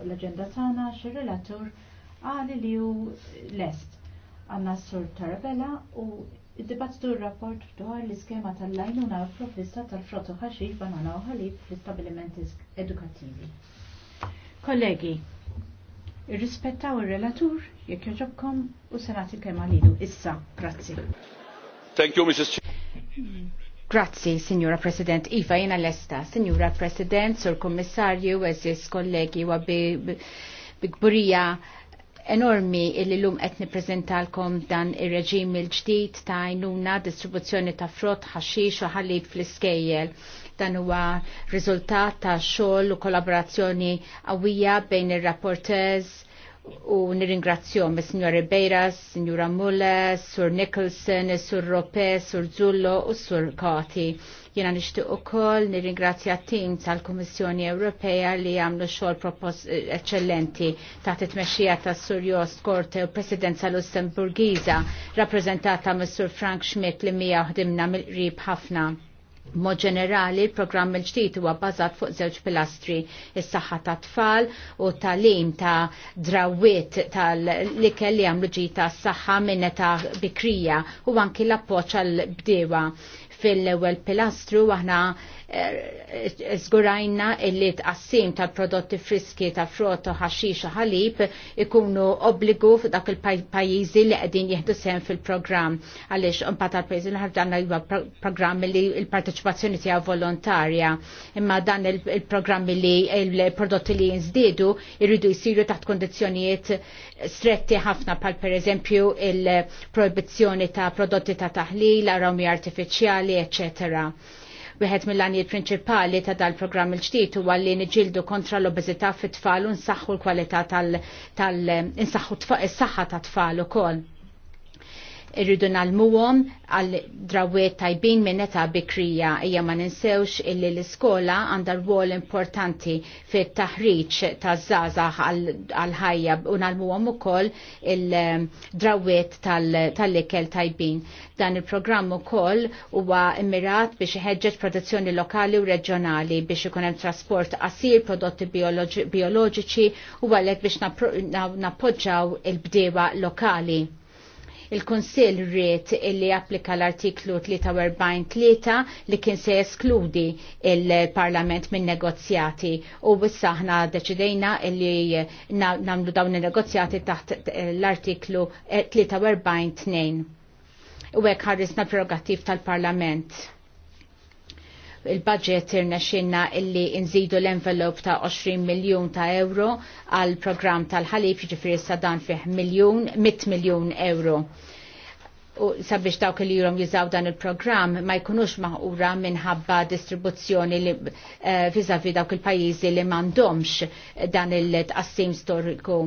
fuq l-agenda tagħna xir-relatur għali li hu lest għandna s-sur Tarabella u id-dibattitu r-rapport dwar l-iskema tal-lajnuna provvista tal-frottu ħaxif banana u ħalib fl-istabilimenti edukattivi. Kollegi, irrispettaw ir-relatur jekk joġobkom u senati kemm għalilu issa. Grazzi. Thank you, Mrs. Hmm. Grazzi, Signora President. Iva, jena l-esta. Signora President, Sur Kommissarju, eżis kollegi, wa bigburija enormi illi l-lum etni prezentalkom dan ir-reġim il ġdijt ġdid ta' għajnuna distribuzzjoni ta' frott ħaxix u ħalib fl-iskejjel. Dan huwa riżultat ta' xogħol u kollaborazzjoni qawwija bejn ir rapportez u nirringrazzjom me signor Ribeira, Signora Mulle, Sur Nicholson, Sur Rope, Sur Zullo u Sur Kati. Jena nishtu u koll nirringrazzja tim tal-Komissjoni Ewropea li għamlu xol propos eh, eccellenti ta' titmexxija ta' Sur Jost Korte u Presidenza Lussemburgiza, rappresentata mis Sur Frank Schmidt li mija uħdimna mill-qrib ħafna Mod ġenerali, il-programm il-ġdid huwa bbażat fuq żewġ pilastri is-saħħa tat tfal u talim ta' drawiet tal-likel li għamlu ġita s-saħħa minn ta' bikrija u anki l-appoċ għal-bdewa fil-ewwel pilastru aħna Eh, zgurajna illi tqassim tal-prodotti friski ta' frotto ħaxixa ħalib ikunu obbligu f'dak il-pajjiżi li qegħdin jieħdu sehem fil-programm għaliex imbagħad tal-pajjiżi l-ħarb dan huwa programmi li l-parteċipazzjoni tiegħu volontarja imma dan il-programmi li il-prodotti li jinżdiedu irridu jsiru taħt kondizzjonijiet stretti ħafna pal eżempju il-proibizzjoni ta' prodotti ta' taħlil, aromi artifiċjali, eccetera Wieħed mill-għanijiet prinċipali ta' dal-programm il-ġdid huwa li niġildu kontra l-obeżità fit-tfal u nsaħħu l-kwalità tal-insaħħu is-saħħa ta' tfal ukoll irridu nalmuwom għal drawiet tajbin minn età bikrija hija ma ninsewx illi l-iskola għandha rwol importanti fit-taħriġ taż-żgħażagħ għal ħajja u u ukoll il-drawiet tal-ikel tajbin. Dan il-programm ukoll huwa immirat biex iħeġġeġ produzzjoni lokali u reġjonali biex ikun hemm trasport qasir, prodotti bioloġiċi u għalhekk biex nappoġġaw il-bdewa lokali Il-Kunsill rrit li applika l-artiklu 43 li kien se eskludi il-Parlament minn negozjati u wissa ħna deċidejna li namlu dawn il-negozjati taħt l-artiklu 43 eh, 2. U għek ħarrisna prerogativ tal-Parlament il-budget irnexxinna illi nżidu l-envelop ta' 20 miljun ta' euro għal program tal-ħalib jiġifieri sa dan fih miljun 100 miljun euro. U sabiex dawk li jurom jużaw dan il-programm ma jkunux maħura minħabba distribuzzjoni li eh, vizavi dawk il-pajjiżi li m'għandhomx dan il-tqassim storiku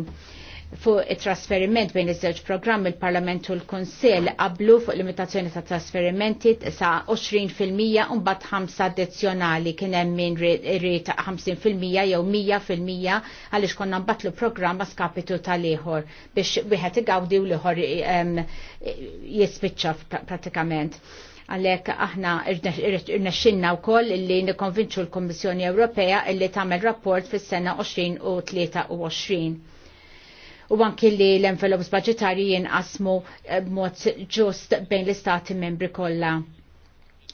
fuq it-trasferiment bejn iż-żewġ programm il-Parlament u l-Kunsill qablu fuq limitazzjoni ta' trasferimenti sa' 20% fil-mija u mbagħad ħamsa addizzjonali kien hemm min irid 50% jew 100% għaliex konna nbatlu programm ma' skapitu tal-ieħor biex wieħed igawdi u l-ieħor ehm, jispiċċa pratikament għalek aħna irnexxinna wkoll li nikkonvinċu l-Kommissjoni Ewropea li tagħmel rapport fis-sena 20 u 23 u anki li l-envelopes budgetarji jinqasmu eh, b'mod ġust bejn l-istati membri kollha.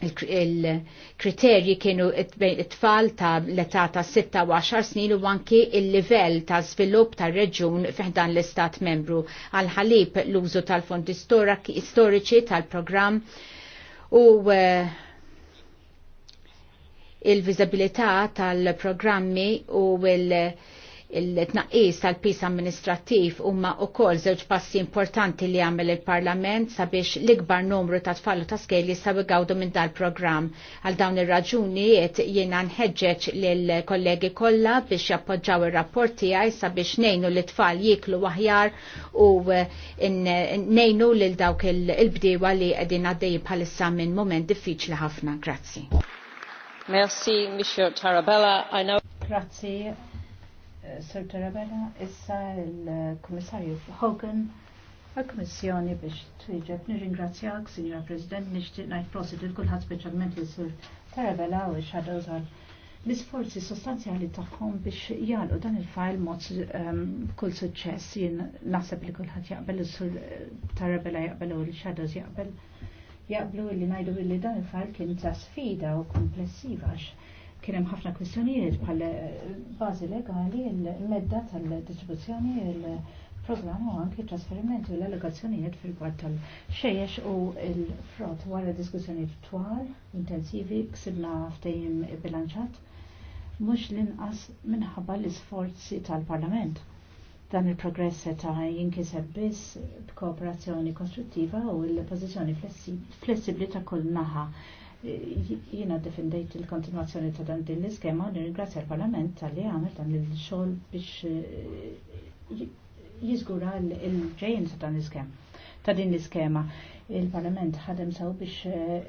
Il-kriterji kienu it-tfal ta' l-età ta' 6 snin u anki il-livell ta' svilup ta' reġun fiħdan l-istat membru għal ħalib l-użu tal-fondi storiċi tal-programm u eh, il-viżabilità tal-programmi u il- il-tnaqis tal-pis amministrativ umma u kol zewġ passi importanti li għamel il-Parlament sabiex l-ikbar numru ta' tfallu ta' skeli sabi għawdu minn dal-program. Għal dawn ir-raġunijiet jiena nħeġġeġ l-kollegi kollha biex jappoġġaw ir-rapporti għaj sabiex nejnu l-tfal jiklu wahjar u eh, nejnu l-dawk il-bdiewa li għedin għaddej bħalissa minn moment diffiċli ħafna. Grazzi. Merci, Monsieur Tarabella. I know... Grazie Sir Tarabella, issa il-Komissarju Hogan, għal-Komissjoni biex triġeb nirringrazzjak, Signora President, nishtiq najt prosit il kullħat specialment li Sir Tarabella u Shadows għal l-isforzi sostanzjali taħħom biex jgħalqu dan il-fajl mod ehm, kull suċċess jien naħseb li kullħat jaqbel is-sur Tarabella jaqbel u l-Shadows jaqbel jaqblu li najdu li dan il-fajl kien ta' sfida u komplessiva Kien hemm ħafna kwistjonijiet bħal eh, bażi legali, il-medda tal-distribuzzjoni, il-programm u anki trasferimenti u l allegazzjonijiet fil-kwart tal-xejjex u il-frott wara diskussjonijiet twal, intensivi, ksibna ftejim bilanċat, mhux l-inqas minħabba l-isforzi tal-Parlament. Dan il-progress seta jinkiseb biss b'kooperazzjoni kostruttiva u l-pożizzjoni flessibbli ta' kull naħa jina defendejt il-kontinuazzjoni ta' dan din l-iskema u nirringrazzja l-Parlament tal-li għamil dan il-xol biex eh, jizgura l ġejn ta' dan l-iskema. Ta' din l-iskema il-Parlament ħadem saw biex eh,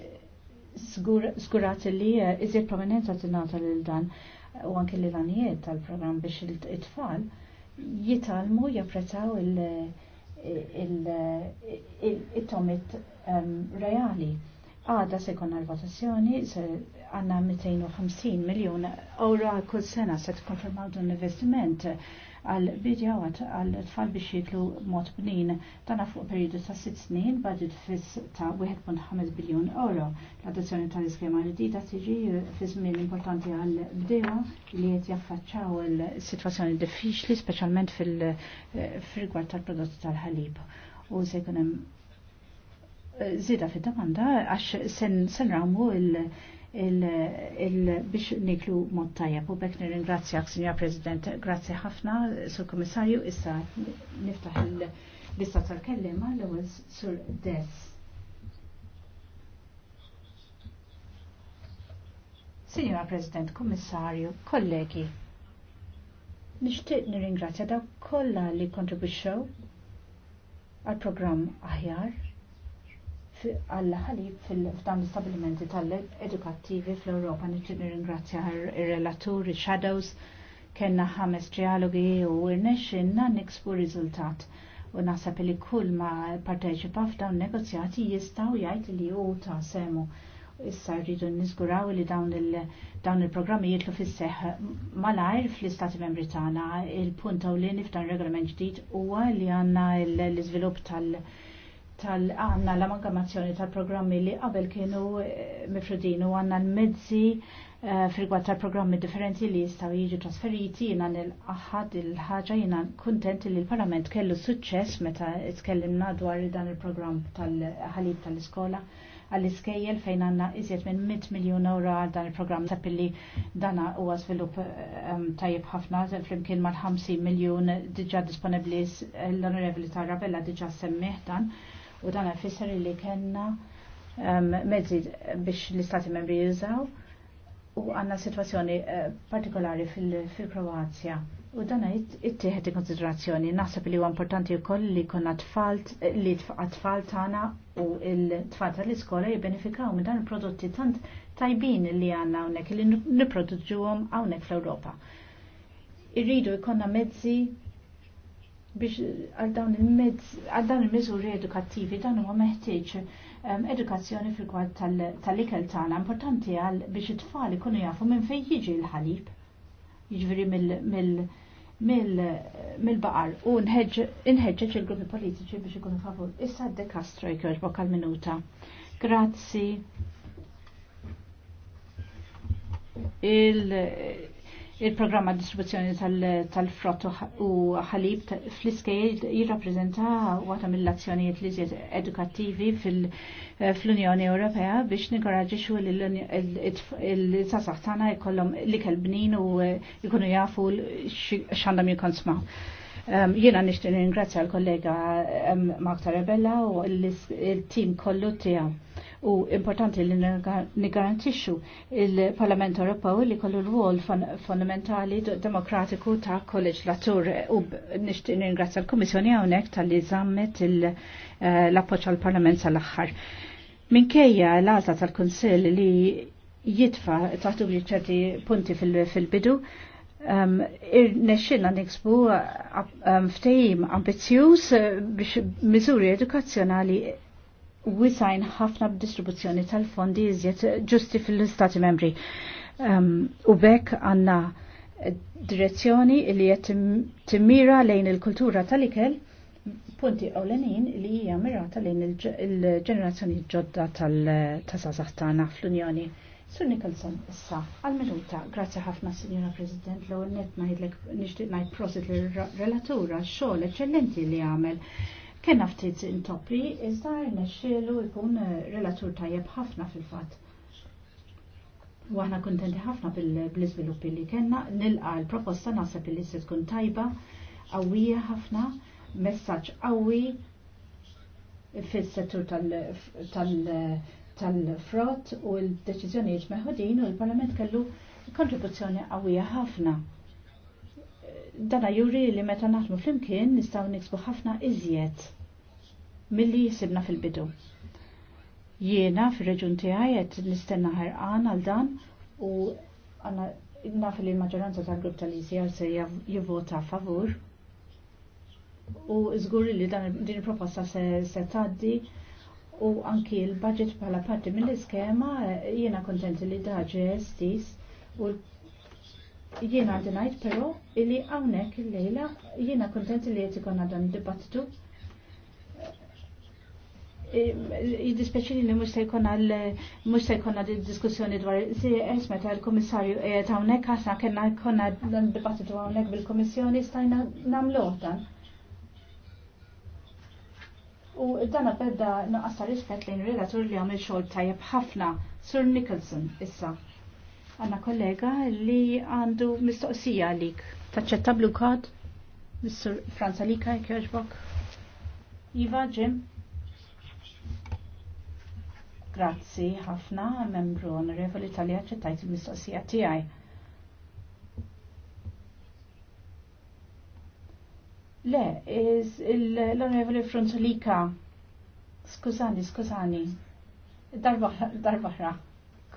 zgurat li eh, iżjed prominenza t-nata lil dan u anke l għanijiet tal-programm biex it-tfal jitalmu japprezzaw il-tomit ehm, reali Għada se jkun l-votazzjoni, se għanna 250 miljon euro kull sena se tkonfermaw dan l-investiment għal bidja għal tfal biex jitlu mod bnin tana fuq periodu ta' 6 snin budget fis ta' 1.5 biljon euro. L-adozzjoni tal-iskema ġdida tiġi fi żmien importanti għal bdewa li qed jaffaċċaw il-sitwazzjoni diffiċli specialment fil eh, frigwar tal-prodotti tal-ħalib. U se zida fi domanda għax sen, sen ramu il- biex niklu mod tajjeb u bekk nirringrazzjak, Sinjor President, grazzi ħafna, Sur Komissarju, issa niftaħ il-lista tal-kellima l-ewwel Sur Des. Sinjora President, Komissarju, kollegi, nixtieq nirringrazzja dawk kollha li kontribwixxew għal programm aħjar għall-ħalib f'dan l-istabilimenti tal-edukattivi fl-Europa. Nittin nirringrazzja il-relatur, il-shadows, kena ħames trialogi u irnexxinna niksbu riżultat. U naħseb li kull ma parteċipa f'dawn negozjati jistaw jgħid li u ta' semu. Issa rridu nisguraw li dawn il-programmi jitlu fis-seħ malajr fl-Istati Membri tagħna il-punta u fdan regolament ġdid huwa li għandna l-iżvilupp tal- tal-għanna l-amalgamazzjoni tal-programmi li qabel kienu eh, mifrudin u għanna l-mezzi uh, tal-programmi differenti li jistaw jiġu trasferiti jina nil-ħad il-ħagġa jina kontent li l-parlament kellu suċċess meta itkellimna dwar dan il-programm tal-ħalib tal-iskola għall-iskejjel fejn għanna iżjed minn 100 miljon euro għal dan il-programm ta' pilli dana huwa żvilupp ehm, tajjeb ħafna flimkien mal-50 miljun diġà disponibbli l-Onorevoli Tarabella diġà semmih dan u dan għafisser li kena ehm, mezzi biex l-istati membri jużaw u għanna situazzjoni eh, partikolari fil-Kroazja. U dan it-tieħed in konsiderazzjoni, naħseb li huwa importanti wkoll li jkun tfal li tfal tagħna u l-tfal tal-iskola jibbenefikaw minn dan il-prodotti tant tajbin li għandna hawnhekk li nipproduġuhom hawnhekk fl-Ewropa. Irridu jkollna mezzi biex għal dawn il-miżuri edukattivi dan huwa meħtieġ ehm, edukazzjoni fil-kwad tal-ikel tagħna importanti għal biex it-tfal ikunu jafu minn fejn jiġi l-ħalib. Jiġifieri mill-baqar u nħeġġeġ il-gruppi politiċi biex ikunu favur. Issa De Castro jkjoġbok għal-minuta. Grazzi. Il-programma distribuzzjoni tal-frott u ħalib fl-iskejl jirrappreżenta waħda mill-azzjonijiet li edukattivi eh, fl-Unjoni Ewropea biex nikoraġixxu il-sasaħ tagħna jkollhom l-ikel bnin u jkunu eh, jafu x'għandhom jikonsmaw. Ehm, jiena nixtieq ringrazzja l-kollega ehm, Mark Tarabella u l team kollu tiegħu u importanti li nigarantixxu il-Parlament Ewropew li kollu rwol fondamentali demokratiku ta' kolleġlatur u nixtieq ningrazzja l-Kummissjoni hawnhekk tal-li żammet eh, l-appoġġ għall-Parlament sal-aħħar. Minkejja l-għażla tal-Kunsill li jitfa taħtu ċerti punti fil-bidu, um, ir nexxinna niksbu eh, ehm, ftejim ambizjuż eh, biex miżuri edukazzjonali wisajn ħafna b'distribuzzjoni tal-fondi iżjed ġusti fil-Stati membri. Um, u bekk għanna direzzjoni li qed timmira lejn il-kultura tal-ikel punti ewlenin li hija mirata lejn il-ġenerazzjoni ġodda tal-tasazax tagħna fl-Unjoni. Sur Nicholson, issa, għal-minuta, grazzi ħafna, Signora President, l net najdlek nixtieq ngħid prosit l-relatura, xogħol eċċellenti li għamel Kenna ftit intoppi, iżda rnexxielu jkun eh, relatur tajjeb ħafna fil-fatt. U aħna kuntenti ħafna bil-iżviluppi li kenna, nilqa l-proposta naħseb li se tkun tajba, qawwija ħafna, messaġġ qawwi fil-settur tal-frott u l-deċiżjonijiet meħudin u l-Parlament kellu kontribuzzjoni qawwija ħafna dana juri li meta naħdmu flimkien nistgħu niksbu ħafna iżjed milli jisibna fil-bidu. Jiena fir-reġun tiegħi qed nistenna ħerqan għal dan u għandna naf li l-maġġoranza tal-grupp tal-ICR se jivvota favur u żgur li dan din il-proposta se, se taddi u anki l-budget bħala parti mill-iskema jiena kontenti li daġe stis u Jiena għadinajt, pero illi illi hawnhekk illejla jiena kontent li qed konna dan dibattitu. E, Jiddispeċini li mhux se jkun għal mhux se jkun għal diskussjoni dwar esma ta' l-Kummissarju qiegħed hawnhekk aħna kellna jkollna dan dibattitu hawnhekk bil komissjoni stajna namlu dan. U dan għabedda naqas rispet rispett lejn relatur li għamil xogħol tajjeb ħafna, Sir Nicholson issa. Għanna kollega li għandu mistoqsija għalik. Taċċetta blue Mr. Franza Lika, kjoġbok. Iva, Jim. Grazzi ħafna, membru onorevoli tal ċettajt il-mistoqsija tiegħi. Le, l-onorevoli Fronzolika, skużani, skużani, darbaħra,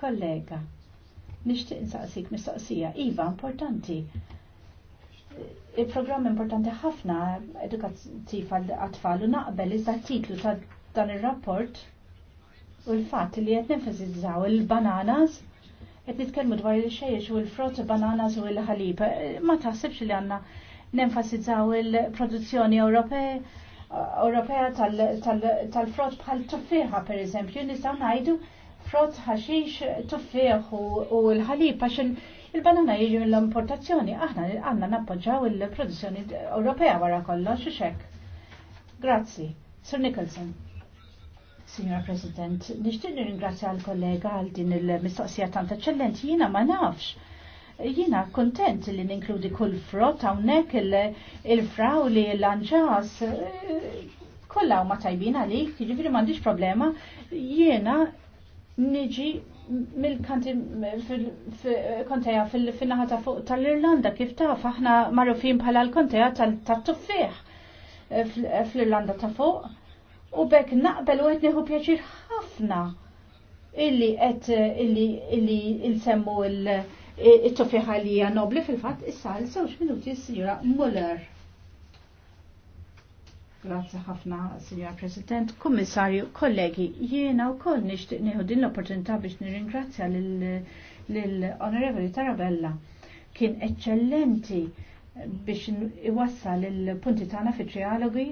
kollega. Nixtieq insaqsik mistoqsija, iva importanti. Il-programm importanti ħafna edukattiv għal atfall u naqbel iżda titlu ta' dan ir-rapport u l-fatt li qed nenfasizzaw il-bananas qed nitkellmu dwar il-xejjex u l-frott bananas u l-ħalib. Ma taħsibx li għandna nenfasizzaw il-produzzjoni Ewropea Ewropea tal-frott bħal tuffiħa per eżempju, nistgħu ngħidu frott, ħaxix, tuffieħ u l-ħalib għax il-banana jiġi mill-importazzjoni. Aħna għanna nappoġġaw il-produzzjoni Ewropea wara kollox u xek. Grazzi. Sir Nicholson. Signora President, nishtiq ringrazzja għal-kollega għal din il-mistoqsija tant eccellenti, jina ma nafx jina kontent li ninkludi kull frott hawnhekk il-fraw li l-anġas eh, kollha ma tajbin għalik, jiġifieri m'għandix problema. Jiena niġi mill-kanti fil konteja fil-naħa ta' fuq tal-Irlanda kif taf aħna marrufin bħala l-konteja tat-tuffieħ eh, eh, fl-Irlanda ta' fuq u bekk naqbel u qed nieħu pjaċir ħafna illi qed illi illi il-semmu il-tuffieħ għalija nobli fil-fatt issa l sewx minuti s sira Muller. Grazie ħafna, Signor President, Kommissarju, kollegi, jiena u koll nishtiq din l-opportunità biex nirringrazzja l-Onorevoli Tarabella. Kien eccellenti biex iwassal l punti tagħna fi trialogi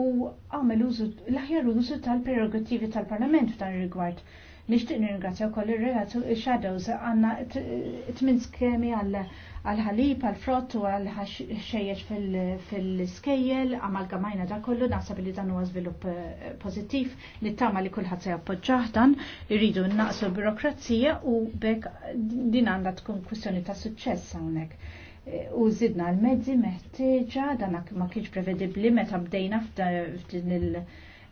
u għamel użu l-aħjar użu tal-prerogativi tal-Parlament f'dan rigward Nixtieq nirringrazzja wkoll ir-relatu shadows għandna tmin skemi għalla għal-ħalib, għal-frott u għal xejjeċ fil-skejjel, għamajna da kollu, naħseb li dan huwa żvilupp eh, pożittiv li tama li kulħadd se jappoġġah dan, irridu naqsu l-birokrazija u b'ek din għandha tkun kwistjoni ta' suċċess hawnhekk. Eh, u zidna l-mezzi meħtieġa dan ma kienx prevedibbli meta bdejna f'din il-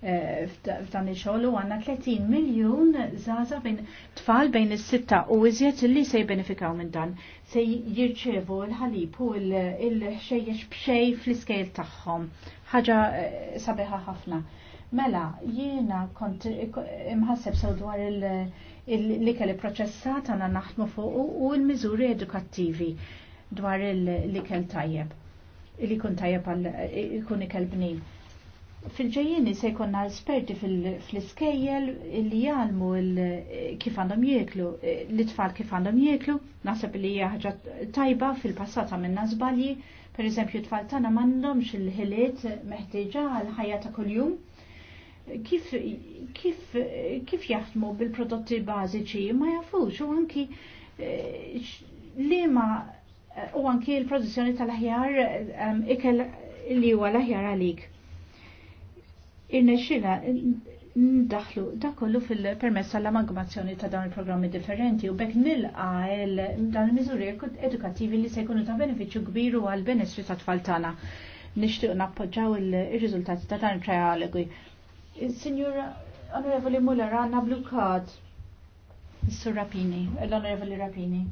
Eh, f'dan il-xogħol u għandna 30 miljun żgħażagħ bejn tfal bejn is-sitta u iżjed li se jbenefikaw minn dan se jirċevu l-ħalib u l-ħxejjex b'xej fl-iskejl tagħhom. Ħaġa eh, sabiħa ħafna. Mela, jiena kont eh, imħasseb sew dwar li kelli proċessat għandna naħdmu fuq u l-miżuri edukattivi dwar il-likel tajjeb. Il-li kun tajjeb għal ikun ikel bnin fil ġejjini se jkonna esperti fil-iskejjel li jgħalmu kif għandhom jieklu, l tfal kif għandhom jieklu, naħseb li hija ħaġa tajba fil-passat għamilna żbalji, per eżempju t-tfal tagħna m'għandhomx il-ħiliet meħtieġa għal ħajja ta' kuljum. Kif, kif, kif jaħdmu bil-prodotti bażiċi ma jafux u anki eh, li ma eh, u anki l-produzzjoni tal-aħjar eh, ikel li huwa l-aħjar għalik xina ndaħlu da kollu fil-permess għall-amalgamazzjoni ta' dawn il-programmi differenti u bekk nilqa dan il-miżuri edukativi li se jkunu ta' benefiċċju kbiru għal benessri ta' tfal tagħna. Nixtieq nappoġġaw il-riżultati ta' dan il-trialogi. Signor Onorevoli Muller, għandna blue card. Sur Rapini, l-Onorevoli Rapini.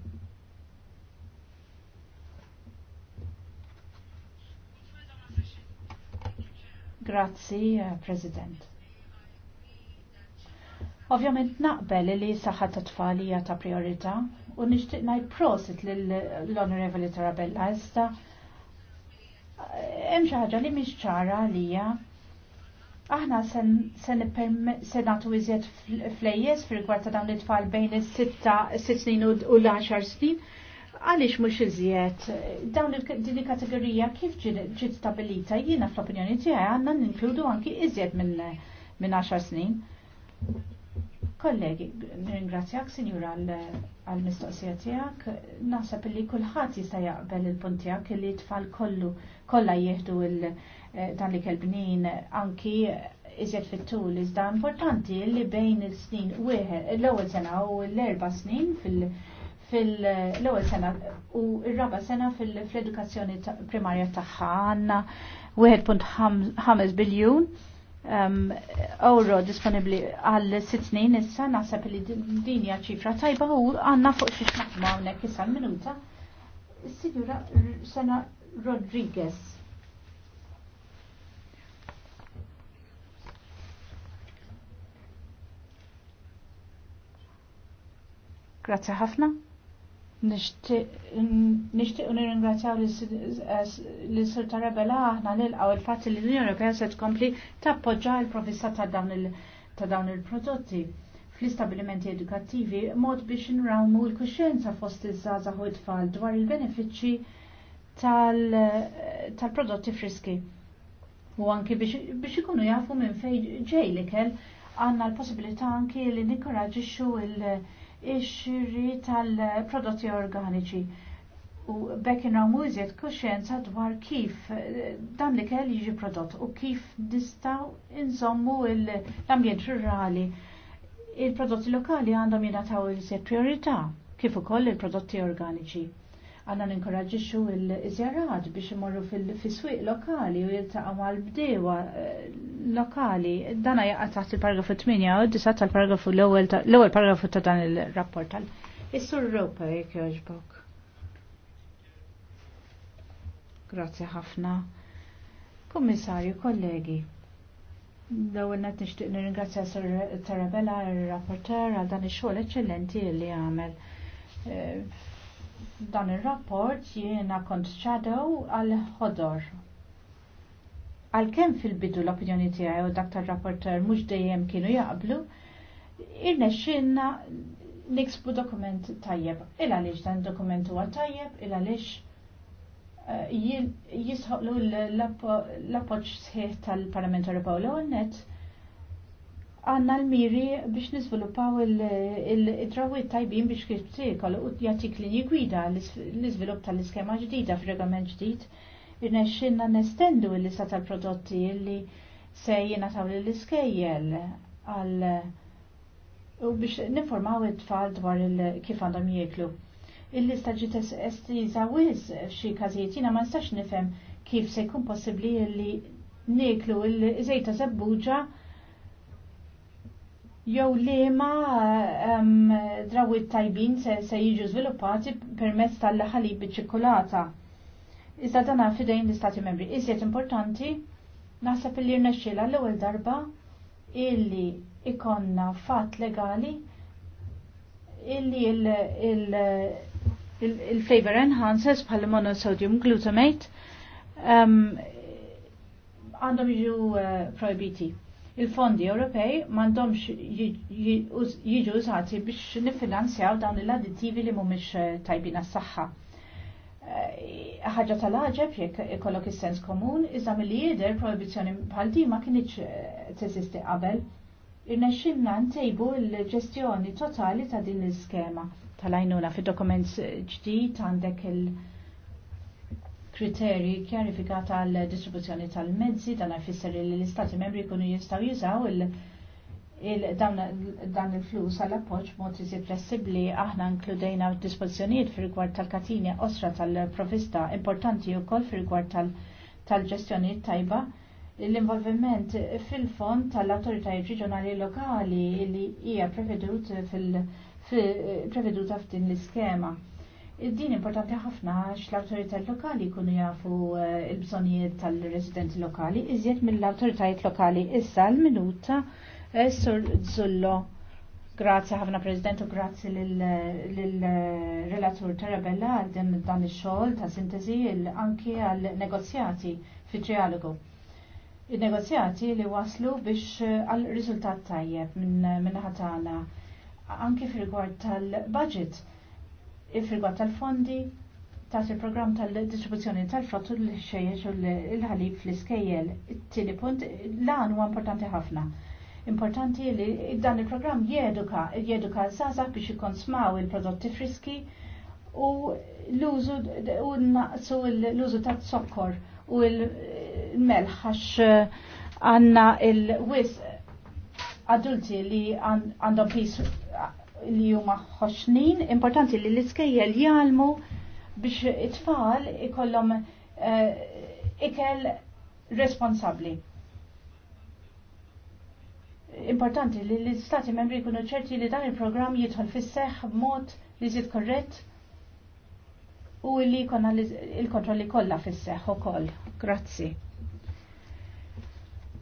Grazzi, eh, President. Ovvjament naqbel li saħħa ta' tfalija ta' priorità u nixtieq ngħid prosit lill-Onorevoli Tarabella Esta. Eh, hemm xi ħaġa li mhix ċara għalija aħna se nagħtu iżjed flejjes firgwarta rigward ta' dawn it-tfal bejn is-sitta snin u l-10 snin għaliex mhux iżjed dawn din il-kategorija kif ġiet stabilita jiena fl-opinjoni tiegħi għandna ninkludu anki iżjed minn 10 snin. Kollegi, ringrazzjak sinjura għal-mistoqsija tiegħek. Naħseb li kulħadd jista' jaqbel il-punt tiegħek li tfal kollu kollha jieħdu eh, dan li kelbnin anki iżjed fit-tul iżda importanti li bejn il-snin wieħed l-ewwel sena u l-erba' snin fil- fil-ewwel sena u r-raba sena fil-edukazzjoni primarja tagħha għandna 1.5 biljun ehm, euro disponibli għal sitt snin issa naħseb li din hija ċifra tajba u għandna fuq xi xnaħma hawnhekk issa minuta. Is-Sinjura Sena Rodriguez. Grazie ħafna. Nishtiq nirringrazzjaw li Sir Tarabella aħna nilqaw il fatti li l-Unjoni Ewropea se tkompli tappoġġa l-provvista ta' dawn il-prodotti fl-istabilimenti edukattivi mod biex nrawmu l-kuxjenza fost iż-żgħażagħ u t-tfal dwar il-benefiċċji tal-prodotti friski. U anki biex ikunu jafu minn fejn ġej l għandna l-possibilità anki li nikkoraġixxu il- ix-xiri tal-prodotti organiċi u bekkina inhom iżjed kuxjenza dwar kif eh, dan li kell jiġi prodott u kif nistaw inżommu l-ambjent rurali. Il-prodotti lokali għandhom jingħataw iżjed priorità kif ukoll il-prodotti organiċi għanna ninkoraġiċu il-żjarat biex imorru fil-fiswiq lokali u jiltaqgħu mal bdewa eh, lokali. Dana jaqa taħt il-paragrafu 8 u disa tal-paragrafu l-ewwel paragrafu ta' dan il-rapport tal. Is-sur Ropa jekk jogħġbok. Grazzi ħafna. Kummissarju, kollegi. L-ewwel qed nixtieq nirringrazzja Sir Sarabella ir-rapporter għal dan ix-xogħol eċċellenti li għamel eh, dan il-rapport jiena kont shadow għal-ħodor. Għal-kem fil-bidu l-opinjoni tiegħi u dak tar-rapporter mhux dejjem kienu jaqblu, irnexxinna niksbu dokument tajjeb. Il għaliex dan dokument huwa tajjeb, il għaliex eh, jisħoqlu l-appoġġ sħiħ tal-Parlament Europew l-għonnet għanna l-miri biex nizviluppaw il-drawit tajbin biex kif tikol u jatik li njigwida l-iżvilupp tal-iskema ġdida f'regament ġdid irnexxinna nestendu l-lista tal-prodotti li se jingħataw lill-iskejjel għal u biex niformaw it-tfal dwar kif għandhom jieklu. Il-lista ġiet estiża wiz f'xi każijiet jiena ma nistax nifhem kif se jkun possibbli li nieklu l-żejta zabbuġa jew liema um, ehm, drawit tajbin se, se jiġu żviluppati permezz tal-ħalib biċ-ċikolata. Iżda dan fidejn l-Istati Membri. Iżjed importanti naħseb li rnexxila l-ewwel darba illi ikonna fatt legali illi il-flavor enhancers bħal monosodium glutamate ehm, għandhom um, jiġu uh, proibiti il-fondi Ewropej m'għandhomx jiġu użati biex nifinanzjaw dawn l-additivi li mhumiex eh, tajbin s saħħa eh, Ħaġa tal aġeb jekk ikollok is-sens komun, iżda milli jidher proibizzjoni bħal di ma kienx eh, teżisti qabel. Irnexxinna ntejbu l-ġestjoni totali ta' din l-iskema tal-għajnuna fid-dokument ġdid għandek il- kriteri kjarifikata għal distribuzzjoni tal-mezzi dan jfisser li l-istati membri jkunu jistgħu jużaw dan il-flus għal appoġġ mod iżjed flessibbli aħna nkludejna dispożizzjonijiet fi rigward tal-katini osra tal-provista importanti wkoll fi rigward tal-ġestjoni tajba l-involviment fil-fond tal-autoritajiet reġjonali lokali li hija preveduta fil-preveduta f'din l-iskema. Din importanti ħafna għax l-autoritajiet lokali jkunu jafu eh, il-bżonijiet tal-residenti lokali, iżjed mill-autoritajiet lokali issa l-minuta eh, Sur Zullo. Grazie ħafna President u grazie lill-relatur eh, Tarabella għal dan ix-xogħol ta' sintesi anki għal negozjati fi trialogu il-negozjati li waslu biex għal riżultat tajjeb minn ħatana anki fil rigward tal-budget il-frigwat tal-fondi, tas il-program tal-distribuzzjoni tal frottu l-xejjex u l-ħalib fl-iskejjel. Tili punt, lan huwa importanti ħafna. Importanti li dan il-program jeduka, jeduka zaza biex ikon smaw il-prodotti friski u l-użu u naqsu l-użu ta' sokkor u l-melħax eh, għanna il-wis adulti li għandhom pis li huma ħoxnin, importanti li l-iskejjel jgħalmu biex it-tfal ikollhom eh, ikel responsabli. Importanti li l-istati membri jkunu ċerti li dan il-programm jidħol fis-seħħ b'mod li jżid korrett u li jkollna il-kontrolli kollha fis-seħħ ukoll. Grazzi.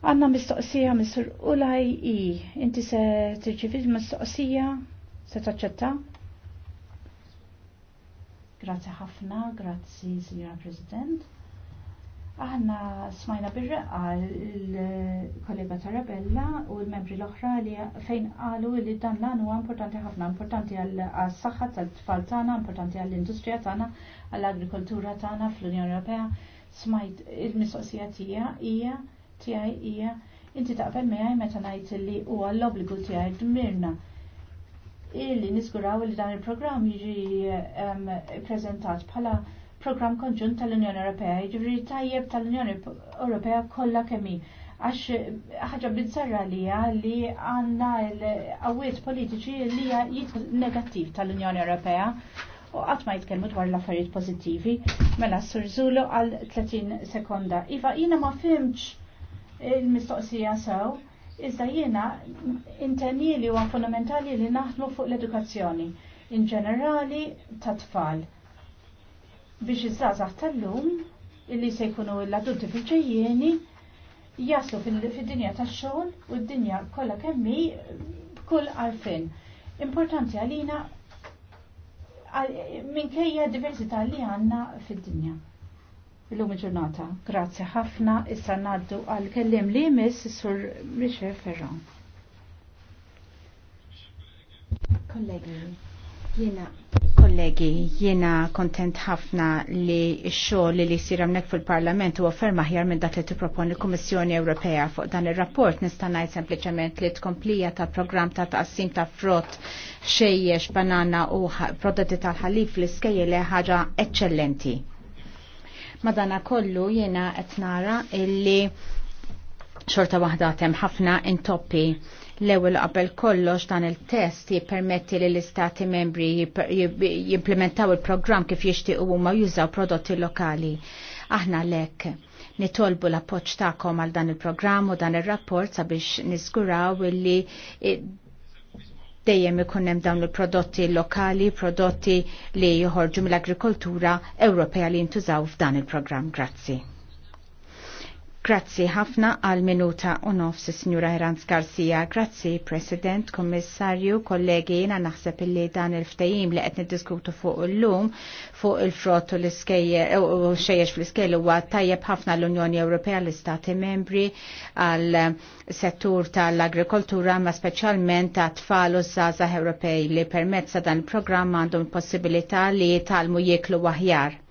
Għanna mistoqsija Mr. Ulaj I. Inti se tirċivi mistoqsija Se taċċetta? Grazzi ħafna, grazzi Signora President. Aħna smajna bir-reqqa l-kollega Tarabella u l-membri l-oħra li fejn qalu li dan l huwa importanti ħafna, importanti għal-saħħa tal-tfal tagħna, importanti għall-industrija tagħna, għall-agrikoltura tagħna fl-Unjoni Ewropea. Smajt il-mistoqsija tija hija tiegħi inti taqbel miegħi meta ngħid li huwa l-obbligu tiegħi mirna illi niżguraw li dan il-programm jiġi prezentat bħala program konġunt tal-Unjoni Ewropea, jiġri tajjeb tal-Unjoni Ewropea kollha kemmi. Għax ħaġa bizzarra li li għanna l-għawiet politiċi li jitku negattiv tal-Unjoni Ewropea u għatma ma jitkellmu dwar l-affarijiet pozittivi. Mela s-surżulu għal 30 sekonda. Iva, jina ma fimx il-mistoqsija sew. So Iżda jiena intenni li huwa fundamentali li naħdmu fuq l-edukazzjoni in ġenerali ta' tfal biex iż-żgħażagħ tal-lum illi se jkunu l-adulti fil jaslu fid-dinja tax-xogħol u d-dinja kollha kemm hi b'kull għarfien. Importanti għalina minkejja diversità li għandna fid-dinja l-lum ġurnata. Grazzi ħafna, issa naddu għal kellim li mis sur Richard Ferran. Kollegi, jena kollegi, jena kontent ħafna li xogħol li jsir hawnhekk fil-Parlament huwa ferm ħjar minn dak li t-propon l-Kummissjoni Ewropea fuq dan ir-rapport nista' ngħid sempliċement li tkomplija ta' programm ta' taqsim ta' frott xejjex banana u prodotti tal-ħalif l li ħaġa eċċellenti Madana kollu jena etnara illi xorta wahda tem ħafna intoppi l-ewel qabel kollox dan il-test jippermetti li l-istati membri jimplementaw il program kif jixtiequ huma jużaw prodotti lokali. Aħna lek nitolbu l-appoċ ta'kom għal dan il-programm u dan il-rapport sabiex nizguraw illi dejjem ikun hemm dawn il-prodotti lokali, prodotti li joħorġu mill-agrikoltura Ewropea li jintużaw f'dan il-programm. Grazzi. Grazzi ħafna għal minuta u nofs signora Herans Garcia. Grazzi President, Kommissarju, kollegi, jena naħseb illi dan il-ftajim li qed niddiskutu fuq l-lum, fuq il-frott u l-xejjex fl-iskejl huwa tajjeb ħafna l-Unjoni Ewropea l-Istati Membri għal settur tal-agrikoltura ma speċjalment ta' tfal u żgħażagħ Ewropej li permezza dan il-programm għandhom possibilità li jitalmu jieklu waħjar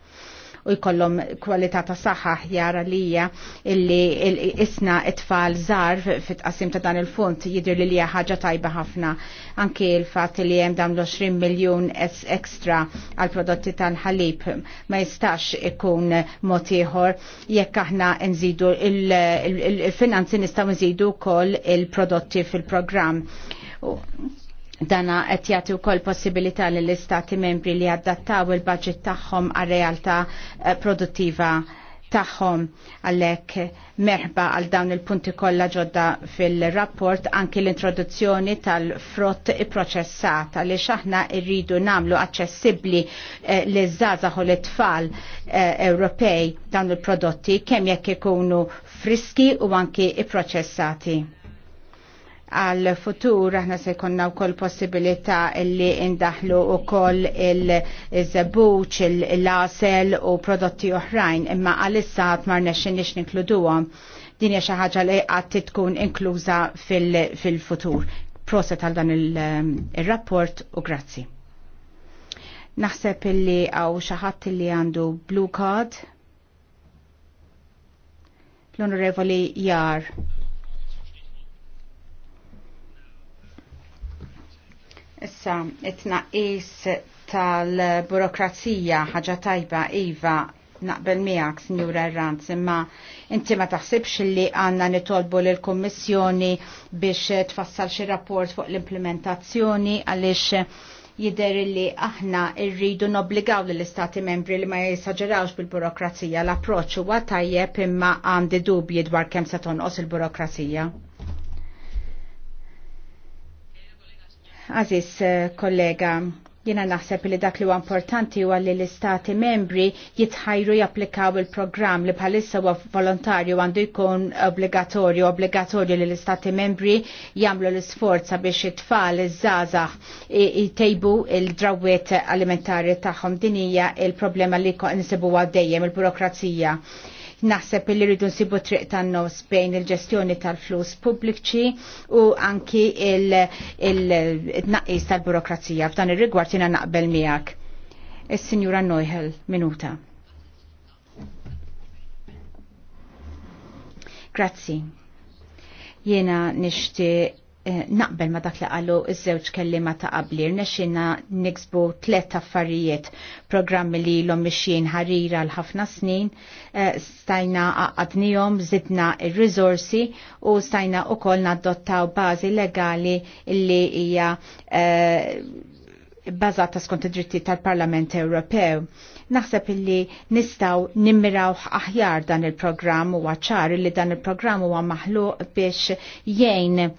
u jkollhom kwalità ta' saħħa li hija illi isna it-tfal żar fit-qasim ta' dan il-fond jidher li hija ħaġa tajba ħafna. Anke l-fatt li hemm dawn l-20 miljun extra għal prodotti tal-ħalib ma jistax ikun mod ieħor jekk aħna nżidu il-finanzi nistgħu nżidu wkoll il-prodotti fil-programm Dana qed jagħti wkoll possibilità lill istati membri li adattaw il-budget tagħhom għal realtà eh, produttiva tagħhom għalhekk merħba għal dawn il-punti kollha ġodda fil-rapport anki l-introduzzjoni tal-frott ipproċessat għaliex aħna rridu nagħmlu aċċessibbli eh, li żgħażagħ u l-tfal eh, Ewropej dawn il-prodotti kemm jekk ikunu friski u anki ipproċessati għal futur aħna se jkollna wkoll possibilità li indaħlu wkoll il zabuċ il-lasel u prodotti oħrajn imma għalissa qatt ma rnexxinniex ninkluduhom. Din hija xi ħaġa li qatt tkun inkluża fil-futur. Proset tal dan il-rapport u grazzi. Naħseb illi għaw xaħat illi għandu blue card. L-onorevoli jar. Issa, it-naqis tal-burokrazija ħaġa tajba Iva naqbel miegħek, Sinjura Erranz, imma inti ma taħsibx li għandna nitolbu l kommissjoni biex tfassal xi rapport fuq l-implementazzjoni għaliex jider li aħna irridu nobligaw l-istati membri li ma jisaġerawx bil-burokrazija l approċċ huwa tajjeb imma għandi dubji dwar kemm se tonqos il-burokrazija. Aziz eh, kollega, jena naħseb li dak li huwa importanti huwa li l-istati membri jitħajru japplikaw il-programm li bħalissa huwa volontarju għandu jkun obbligatorju, obbligatorju li l-istati membri jagħmlu l-isforza biex it-tfal iż-żgħażagħ jtejbu il-drawwiet alimentari tagħhom din hija il-problema li nsibuha dejjem il-burokrazija. il burokrazija Naħseb li rridu nsibu triq tan-nos bejn il-ġestjoni tal-flus pubbliċi u anki il naqis tal-burokrazija. F'dan ir-rigward jiena naqbel miegħek. Is-Sinjura Neuhel, minuta. Grazzi. Jiena nixtieq Eh, naqbel ma dak li qalu iż-żewġ kellima ta' qabli, rnexxina niksbu tliet affarijiet programmi li l-om mixjien ħarira l-ħafna snin, eh, stajna għadnijom, zidna il-rizorsi u stajna u nadottaw naddottaw bazi legali li hija eh, bazata skont id-dritti tal-Parlament Ewropew. Naħseb illi nistaw nimmiraw aħjar dan il-programm u għacċar li dan il-programm huwa maħluq biex jgħin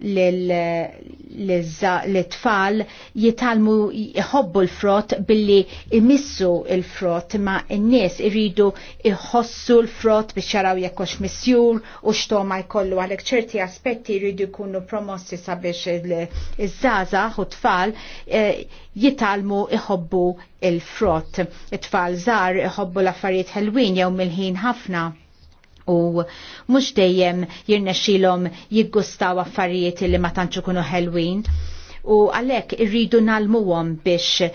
l-tfal jitalmu jħobbu l-frott billi imissu l-frott ma n-nies irridu iħossu l-frott biex jaraw jekkux missjur u xtoma jkollu għalek ċerti aspetti irridu jkunu promossi sabiex iż-żaza u tfal eh, jitalmu iħobbu l frott It-tfal zar iħobbu l-affarijiet ħelwin jew mill-ħin ħafna u mhux dejjem jirnexxilhom jiggustaw affarijiet li ma tantx ikunu ħelwin u għalhekk irridu nalmuwom biex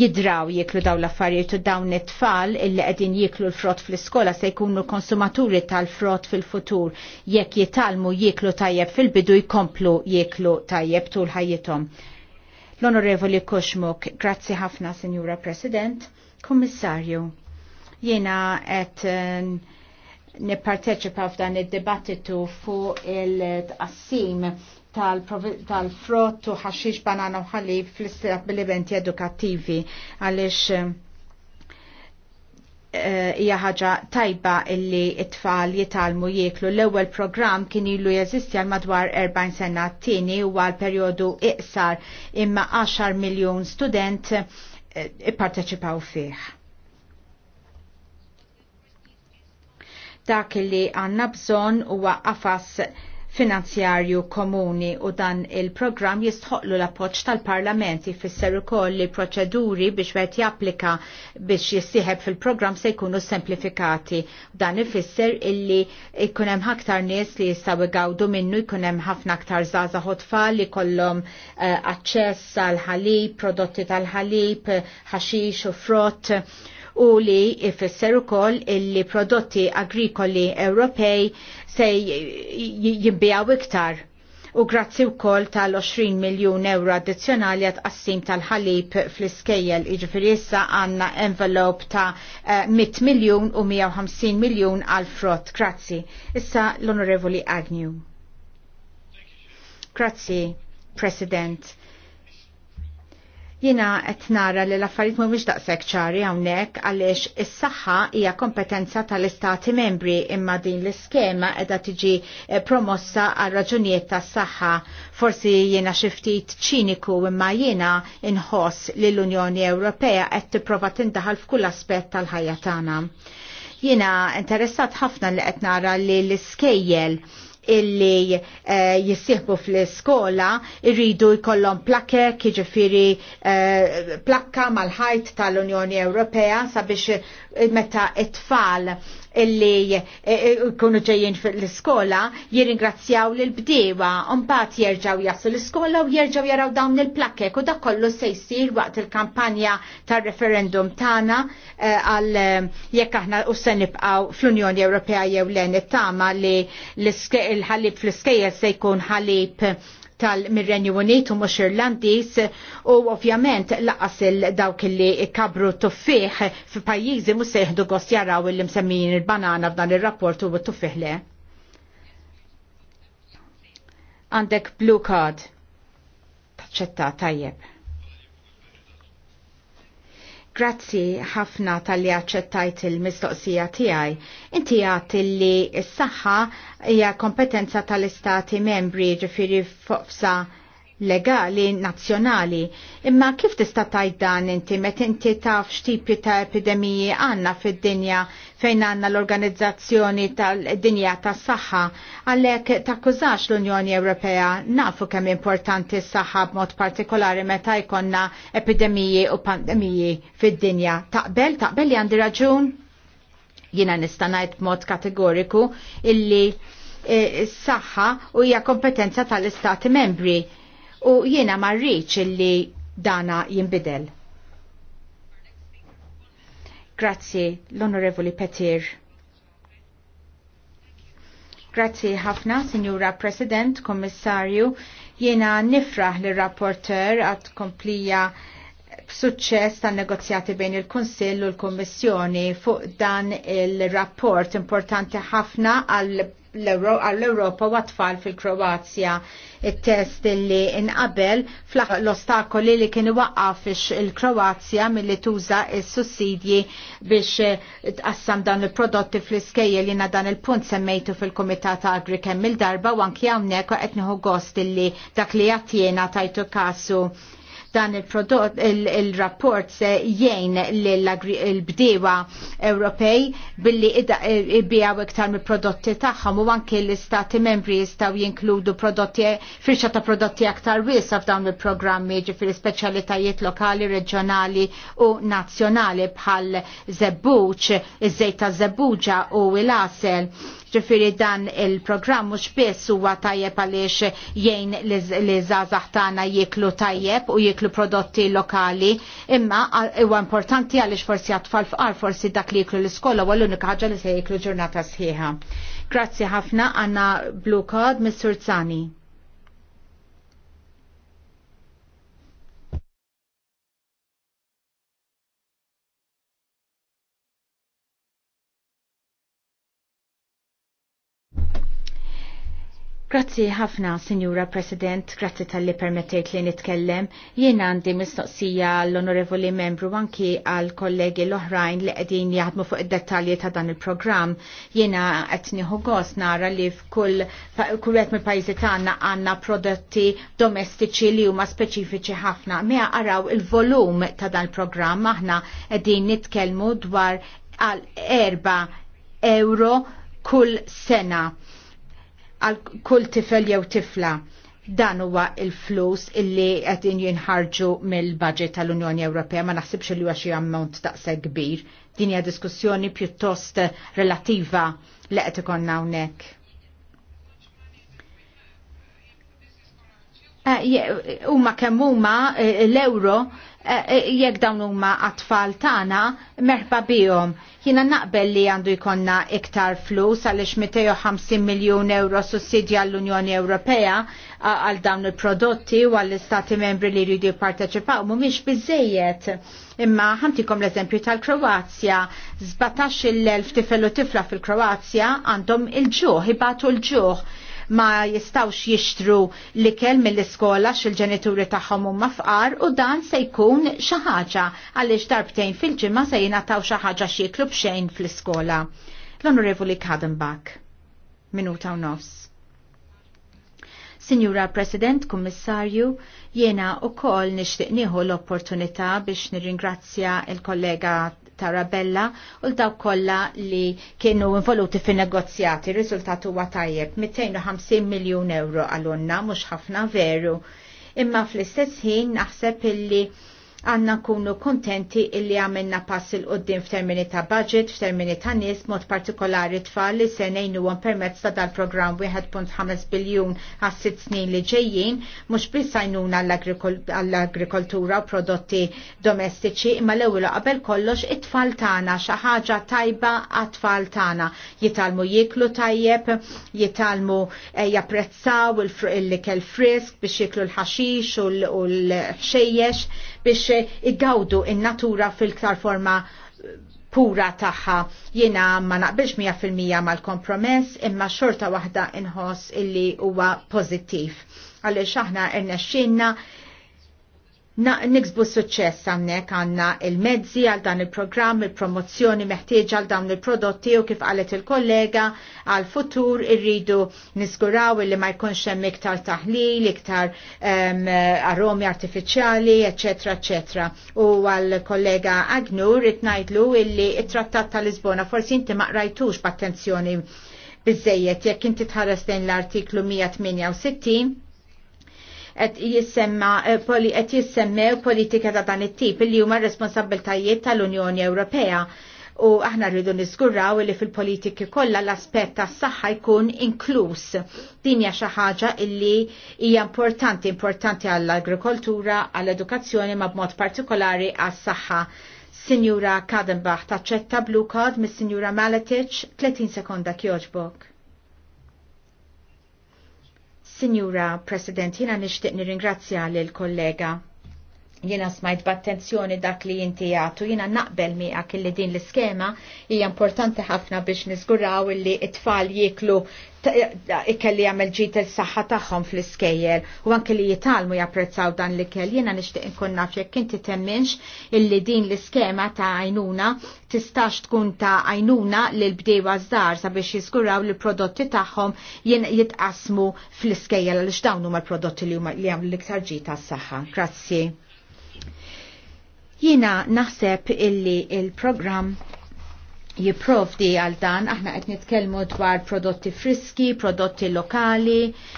jidraw jiklu daw l-affarijiet u dawn it-tfal illi qegħdin jiklu l-frott fl-iskola se jkunu konsumaturi tal-frott fil-futur jekk jitalmu jiklu tajjeb fil-bidu jkomplu jiklu tajjeb tul ħajjithom. L-Onorevoli Kushmuk, grazzi ħafna, Sinjura President, Kommissarju. Jena uh, nipparteċipa f'dan id-dibattitu fuq il-tqassim tal-frott u ħaxix banana u ħalib fl bil-eventi edukattivi għalix eh, hija ħaġa tajba illi it-tfal jitalmu jieklu. L-ewwel programm kien ilu jeżisti għal madwar 40 sena t-tieni u għal perjodu iqsar imma 10 miljun student eh, ipparteċipaw fih Dak li għanna bżon huwa għafas finanzjarju komuni u dan il-program jistħoqlu l poċ tal-parlament jfisser ukoll li proċeduri biex wet japplika biex jistieħeb fil-program se jkunu semplifikati. Dan ifisser illi jkun hemm aktar nies li jistgħu gawdu minnu jkun hemm ħafna aktar żgħażagħ tfal li kollhom eh, aċċess għal ħalib, prodotti tal-ħalib, ħaxix u frott u li ifisser ukoll illi prodotti agrikoli Ewropej se jibbijaw iktar u grazzi wkoll tal-20 miljun euro addizzjonali għat qassim tal-ħalib fl-iskejjel iġifieri issa għandna envelop ta' 100 eh, miljun u 150 miljun għal frott. Grazzi. Issa l-Onorevoli Agnew. Grazzi, President Jina qed nara li l-affarijiet mhumiex daqshekk ċari hawnhekk għaliex is-saħħa hija kompetenza tal-istati membri imma din l-iskema qiegħda tiġi eh, promossa għal raġunijiet tas-saħħa. Forsi jiena xi ftit ċiniku imma jiena inħoss li l-Unjoni Ewropea qed tipprova tindaħal f'kull aspett tal-ħajja tagħna. Jiena interessat ħafna li qed nara li l-iskejjel illi uh, jissieħbu fl-iskola irridu jkollhom plakek, jiġifieri uh, plakka mal-ħajt tal-Unjoni Ewropea sabiex meta it-tfal illi jkunu eh, eh, ġejjin fil-iskola jirringrazzjaw l-bdewa mbagħad jerġgħu jaslu l-iskola u jerġgħu jaraw dawn il-plakkek u dak kollu se jsir waqt il-kampanja tar-referendum tagħna eh, għal jekk aħna u se nibqgħu fl-Unjoni Ewropea jew le nittama li l-ħalib fl-iskejjel se jkun ħalib tal-Mirrenju Unit u mhux Irlandis u ovvjament laqas il-dawk li kabru tuffieħ f'pajjiżi mhux seħdu gost jaraw il msemmin il-banana f'dan ir-rapport u t-tuffieħ le. Għandek blue card. Taċċetta tajjeb. Grazzi ħafna tal-li għacċettajt il-mistoqsija tiegħi. Inti għat li s-saħħa hija kompetenza tal-istati membri ġifiri f'sa legali nazzjonali. Imma kif tista' tajt dan inti met inti taf x'tipju ta' epidemiji għandna fid-dinja fejn għandna l-Organizzazzjoni tal-Dinja tas-Saħħa għalhekk takkużax l-Unjoni Ewropea nafu kemm importanti s-saħħa b'mod partikolari meta jkollna epidemiji u pandemiji fid-dinja. Taqbel, taqbel li għandi raġun? Jiena nista' ngħid b'mod kategoriku illi eh, s-saħħa u hija kompetenza tal-Istati membri u jiena marriċ li dana jimbidel. Grazzi l-Onorevoli Petir. Grazzi ħafna, Signora President, Kommissarju. Jiena nifraħ l rapporter għad komplija b'suċċess tan negozjati bejn il-Kunsill u l-Kommissjoni fuq dan il-rapport importanti ħafna għal għall-Europa u għatfall fil-Kroazja. Il-test li inqabel l-ostakoli li kienu waqqaf il-Kroazja mill-li tuża il-sussidji biex tqassam dan il-prodotti fl-iskejje li na dan il-punt semmejtu fil komitata Agri kemm il-darba u anki għawnek għetniħu gost li dak li għatjena tajtu kasu Dan il-prodott, il-rapport il se jgħin l-bdewa Ewropej billi ibijaw iktar mill prodotti tagħhom u anke l-istati membri jistgħu jinkludu prodotti firxa ta' prodotti aktar wiesa f'dawn il-programmi ġifir speċjalitajiet lokali, regionali u nazzjonali bħal zebbuċ, iż żejta ta' zebbuġa u il asel Ġifiri dan il-programm mhux biss huwa tajjeb għaliex jgħin li żgħażagħ tagħna jiklu tajjeb u jiklu prodotti lokali, imma huwa importanti għaliex forsi għatfall fqar forsi dak li jiklu l-iskola u l-unika ħaġa li se jiklu ġurnata sħiħa. Grazzi ħafna għanna Blue Code, Mr. Zani. Grazzi ħafna, Signora President, grazzi tal-li permettejt li nitkellem. Jien għandi mistoqsija l-onorevoli membru anki għal kollegi l-oħrajn li qegħdin jaħdmu fuq id-dettalji ta' dan il-programm. Jiena qed nieħu gost nara li f'kull kull qed mill-pajjiżi tagħna għandna prodotti domestiċi li huma speċifiċi ħafna. Mea araw il-volum ta' dan il-programm aħna qegħdin nitkellmu dwar għal erba' euro kull sena għal kull tifel jew tifla. Dan huwa il-flus illi qed jinħarġu mill-budget tal-Unjoni Ewropea ma naħsibx li huwa xi ammont daqshekk kbir. Din hija diskussjoni pjuttost relattiva li qed ikollna hawnhekk. Eh, huma kemm huma eh, l-euro eh, jekk dawn huma għatfall tagħna merħba bihom. Jiena naqbel li għandu jkollna iktar flus għaliex 250 miljun euro sussidja l-Unjoni Ewropea għal dawn il-prodotti u għall istati membri li jridu jipparteċipaw mhumiex biżejjed. Imma ħantikom l-eżempju tal-Kroazja, 17 il-elf tifel u tifla fil-Kroazja għandhom il-ġuħ, ibatu l-ġuħ ma jistawx jixtru l-ikel mill-iskola xil-ġenituri tagħhom huma fqar u dan se jkun xi ħaġa għaliex darbtejn fil-ġimgħa se jingħataw xi ħaġa xieklu b'xejn fl-iskola. L-Onorevoli Kadenbach. Minuta u nofs. Signora President, Kummissarju, jiena u kol nishtiqniħu nieħu l-opportunità biex nirringrazzja il-kollega Tarabella u l-daw kolla li kienu involuti fin negozjati rizultatu huwa 250 miljon euro għal-onna, mux ħafna veru. Imma fl-istess ħin naħseb illi għanna kunu kontenti illi għamilna pass il qoddim f'termini ta' budget, f'termini ta' nis, mod partikolari tfal li se nejnu permetz permezz ta' dal-program 1.5 biljun għas snin li ġejjin, mux bisajnuna għall-agrikoltura u prodotti domestiċi, imma l-ewwel qabel kollox it-tfal tagħna xi ħaġa tajba għat-tfal tagħna. Jitalmu jiklu tajjeb, jitalmu eh, japprezzaw il-likel frisk biex jiklu l-ħaxix u l-ħxejjex biex igawdu in-natura fil-ktar forma eh, pura taħħa jena ma naqbilx 100% mal-kompromess imma xorta waħda inħoss illi huwa pozittiv. Għalli xaħna irnexxinna niksbu suċċess għannek għanna il-mezzi għal dan il-programm, il-promozzjoni meħtieġ għal dan il-prodotti u kif għalet il-kollega għal futur irridu niskuraw li ma jkunx hemm iktar taħlil, iktar um, aromi artificiali, eccetera, eccetera. U għal kollega Agnur itnajdlu illi it-trattat tal-Lisbona forsi inti ma rajtux b'attenzjoni bizzejiet jekk inti tħares lejn l-artiklu 168 qed jissemma et eh, jissemmew politika ta' dan it-tip li huma responsabiltajiet tal-Unjoni Ewropea u aħna rridu niskurraw li fil-politiki kollha l-aspett tas-saħħa jkun inkluż. Din hija xi ħaġa illi hija importanti, importanti għall-agrikoltura, għall-edukazzjoni ma b'mod partikolari għas-saħħa. Sinjura Kadenbach taċċetta blu kod mis-Sinjura Maletic 30 sekonda kjoġbok. Signora President, jina nishtiq nirringrazzja l-kollega Jiena smajt b'attenzjoni dak li jinti għatu, Jiena naqbel miegħek li din l-iskema hija importanti ħafna biex niżguraw li it-tfal jiklu ikelli jagħmel ġit il-saħħa tagħhom fl-iskejjel u anke li jitalmu japprezzaw dan l-ikel jiena nixtieq inkun naf jekk inti temminx illi din l-iskema ta' għajnuna tistax tkun ta' għajnuna lil bdejwa żgħar sabiex jiżguraw li prodotti tagħhom jitqasmu fl-iskejjel għaliex dawn huma l-prodotti li huma li l-iktar ġita s-saħħa. Grazzi. Jina naħseb illi il-program jiprovdi għal dan, aħna qed nitkellmu dwar prodotti friski, prodotti lokali,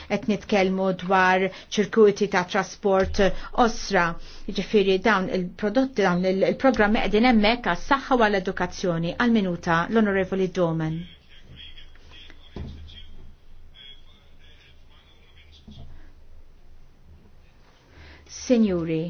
qed nitkellmu dwar ċirkuti ta' trasport osra. Ġifieri dawn il-prodotti dawn il-programmi qegħdin hemmhekk għas-saħħa għal għall-edukazzjoni għal minuta l-Onorevoli Domen. Signori,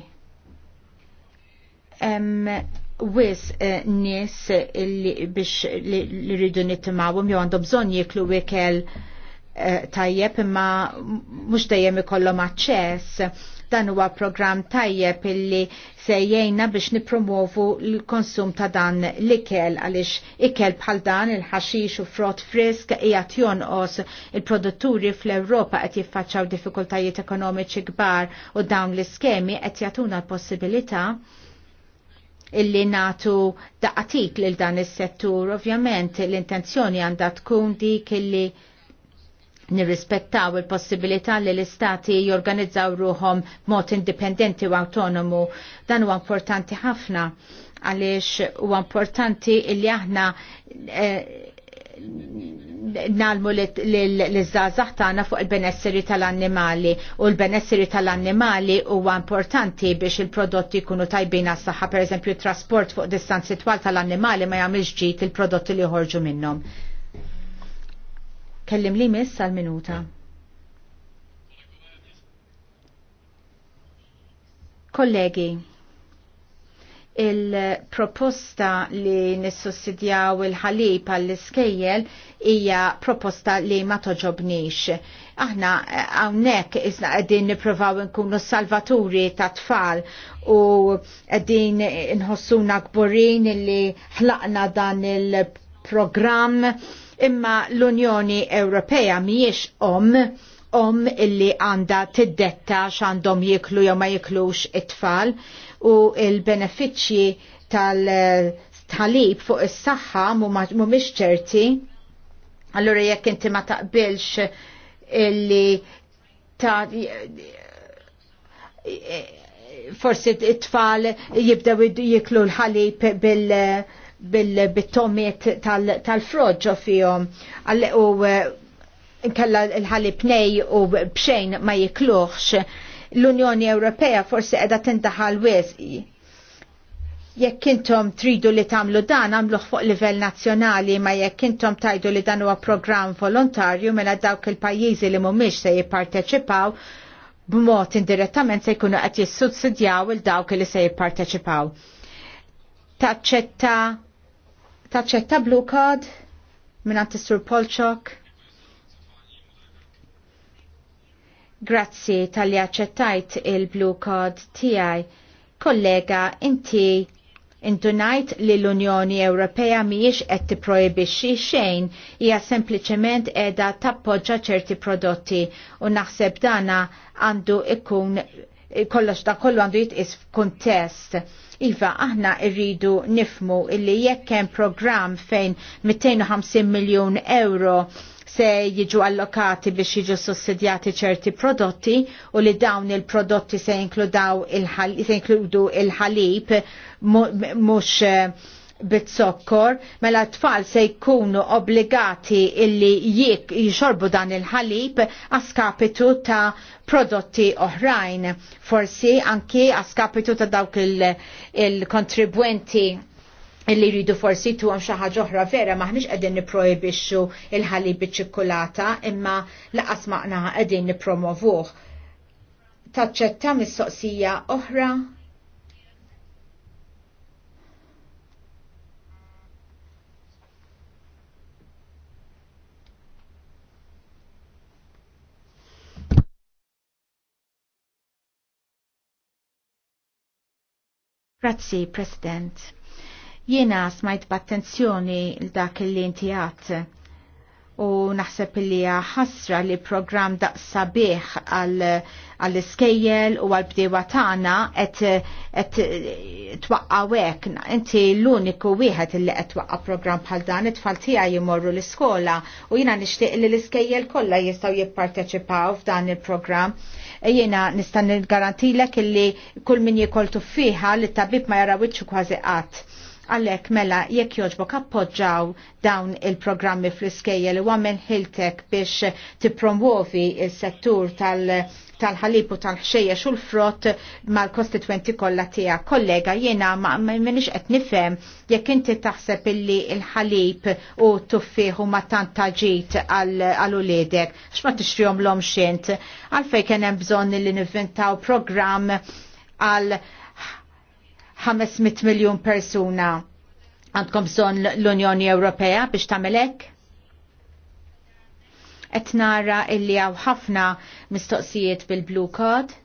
wis eh, nies li biex li rridu jo jew għandhom bżonn wikel ikel eh, tajjeb imma mhux dejjem ikollhom aċċess dan huwa programm tajjeb illi se jgħinna biex nipromovu l-konsum ta' dan l-ikel għaliex ikel bħal dan il-ħaxix u frott frisk ijat jonqos il-produtturi fl-Ewropa qed jiffaċċaw diffikultajiet ekonomiċi kbar u dawn l-iskemi qed jagħtuna l-possibilità illi natu daqatik lil dan is-settur, ovvjament l-intenzjoni għandha tkun dik illi nirrispettaw il-possibilità li l-istati jorganizzaw ruhom mod indipendenti u autonomu. Dan huwa importanti ħafna għaliex huwa importanti illi aħna eh, nalmu l-żazax tagħna fuq il-benesseri tal-annimali u l-benesseri tal-annimali huwa importanti biex il-prodotti jkunu tajbin għas-saħħa, pereżempju trasport fuq distanzi twal tal-annimali ma jagħmilx ġid il-prodotti li joħorġu minnhom. Kellim li miss għal-minuta. Kollegi, il-proposta li nissussidjaw il-ħalib għall-iskejjel hija proposta li ma toġobnix. Aħna eh, hawnhekk isna qegħdin nippruvaw nkunu salvaturi ta' tfal u qegħdin nħossuna kburin li ħlaqna dan il-programm imma l-Unjoni Ewropea mhijiex om om illi għanda tiddetta xandom jiklu jew ma jiklux it-tfal u il-benefiċċji tal talib fuq is-saħħa mhumiex ċerti, allora jekk inti ma taqbilx illi ta' forsi t-tfal jibdew jiklu l-ħalib bil- bil-bittomiet tal-froġġo fihom u eh, nkella l-ħalib nej u bxejn ma jikluħx l-Unjoni Ewropea forsi qiegħda tintaħal wesqi. Jekk intom tridu li tagħmlu dan għamluh fuq livell nazzjonali ma jekk intom tajdu li dan huwa programm volontarju mela dawk il-pajjiżi li mhumiex se jipparteċipaw b'mod indirettament se jkunu qed jissudsidjaw il dawk li se jipparteċipaw. Taċċetta taċċetta blue card minn Antistur Polchok. Grazzi tal-li accettajt il-Blue Card tiegħi. Kollega, inti indunajt li l-Unjoni Ewropea miex qed tipprojbixxi xejn hija sempliċement qiegħda tappoġġa ċerti prodotti u naħseb dana għandu ikun kollox da kollu għandu jitqis f'kuntest. Iva, aħna irridu nifmu illi jekk hemm programm fejn 250 miljun euro se jiġu allokati biex jiġu sussidjati ċerti prodotti u li dawn il-prodotti se jinkludaw il-ħalib il mux eh, bit-sokkor, mela t-tfal se jkunu obbligati illi jik jixorbu dan il-ħalib għaskapitu ta' prodotti oħrajn. Forsi anki għaskapitu ta' dawk il-kontribwenti il kontribwenti illi rridu forsi tu għam xaħġa oħra vera maħnix għedin niprojbixxu il-ħalib iċ-ċikkulata imma laqas maqna għedin nipromovuħ. Taċċetta mis-soqsija oħra Grazzi, President. Jiena smajt b'attenzjoni dak li inti u naħseb li ħasra li program daq sabiħ għall-iskejjel u għall-bdewa tagħna qed twaqqawek. Inti l-uniku wieħed li qed twaqqa program bħal dan it-tfal tiegħi jimorru l-iskola u jiena nixtieq li l-iskejjel kollha jistgħu jipparteċipaw f'dan il-programm. Jiena nista' garantilek li kull min jikoltu fiha li t-tabib ma jarawitxu kważi qatt Għalek mela jekk joġbok appoġġaw dawn il-programmi fl iskejja li għamil ħiltek biex tipromuovi il-settur tal-ħalib u tal-ħxejjex u l-frott mal kostitwenti kollha tiegħek. Kollega jiena ma minix qed nifhem jekk inti taħseb illi il-ħalib u tuffieħ u ma tant taġit għal uliedek x'ma tixrihom l-om xint għalfejn kien hemm bżonn li nivvintaw programm għal 500 miljon persuna għandkom son l-Unjoni Ewropea biex tamelek? Et nara illi għaw ħafna mistoqsijiet bil-Blue Code?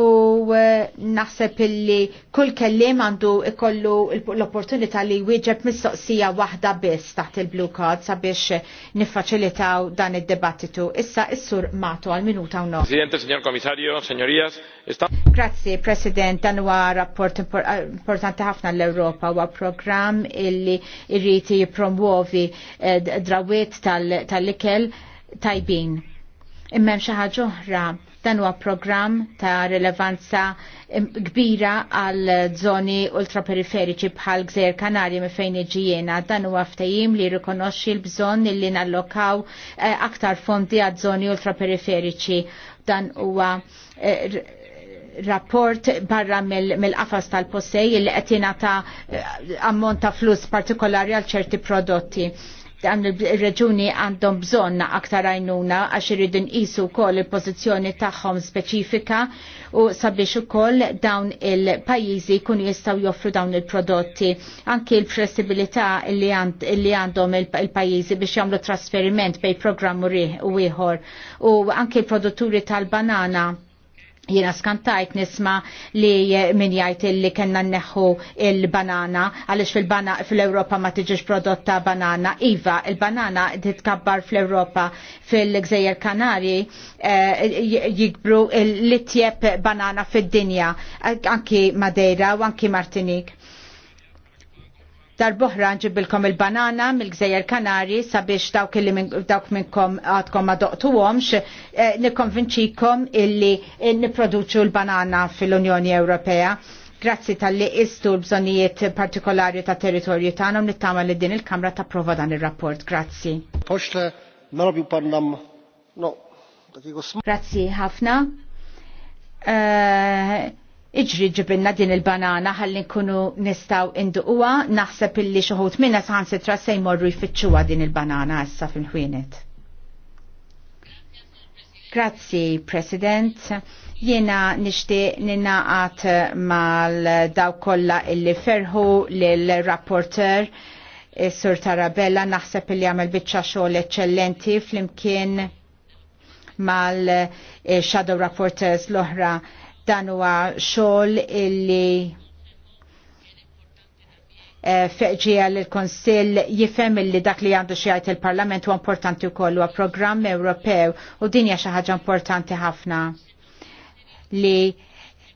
U naħseb illi kull kellim għandu ikollu l-opportunità li wieġeb mistoqsija waħda biss taħt il-blue card sabiex niffaċilitaw dan id-debattitu. Issa issur matu għal minuta u Presidente, signor Commissario, signorijas. Grazie, President. Dan huwa rapport ah, importanti ħafna l-Europa huwa programm illi irriti jipromuovi eh, drawiet tal-ikel tajbin. Immem xi ħaġa oħra Dan huwa programm ta' rilevanza kbira għal zoni ultraperiferiċi bħal Gżer Kanarji me fejn iġijiena. Dan huwa ftejim li rikonoxxi l-bżonn li nallokaw eh, aktar fondi għal zoni ultraperiferiċi. Dan huwa eh, rapport barra mill-qafas mil tal-possej li qed jingħata eh, ammont ta' flus partikolari għal ċerti prodotti dan il-reġuni għandhom bżonna aktar għajnuna għax irridu nqisu wkoll il-pożizzjoni tagħhom speċifika u sabiex ukoll dawn il-pajjiżi jkunu jistgħu joffru dawn il-prodotti. Anki l-flessibilità li għandhom il-pajjiżi biex jagħmlu trasferiment bej riħ u ieħor u anki l-produtturi tal-banana Jiena skantajt nisma li min jgħid li kellna nneħħu il-banana, għaliex fil-bana fil-Europa ma tiġix prodotta banana. Iva, il-banana titkabbar fl-Europa fil-Gżejjer Kanari eh, jikbru l-itjeb banana fid-dinja, anki Madeira u anki Martinik. Darboħra nġibilkom il-banana mill-gżejjer Kanari sabiex dawk li dawk minnkom għadkom doqtu għomx, eh, nikonvinċikom illi eh, niproduċu l-banana fil-Unjoni Ewropea. Grazzi tal-li istu l-bżonijiet partikolari ta' territorju tagħna nittama li din il-Kamra ta' prova dan il-rapport. Grazzi. Poċle, narabju parnam, no, Grazzi ħafna. Uh, Iġri ġibinna din il-banana ħalli nkunu nistaw induqwa, naħseb illi xoħut minna saħan sitra se jmorru jfittxuwa din il-banana issa fil-ħwienet. Grazzi, President. Jena nishtiq ninaqat mal-daw kolla illi ferħu l-rapporter Sur Tarabella naħseb illi għamil bitċa xogħol eccellenti fl-imkien mal-shadow eh, rapporters l-oħra Dan huwa xogħol illi eh, feqġija l konsil jifem li dak li għandu xijajt il-Parlament u importanti u kollu programm Ewropew u dinja xaħġa importanti ħafna li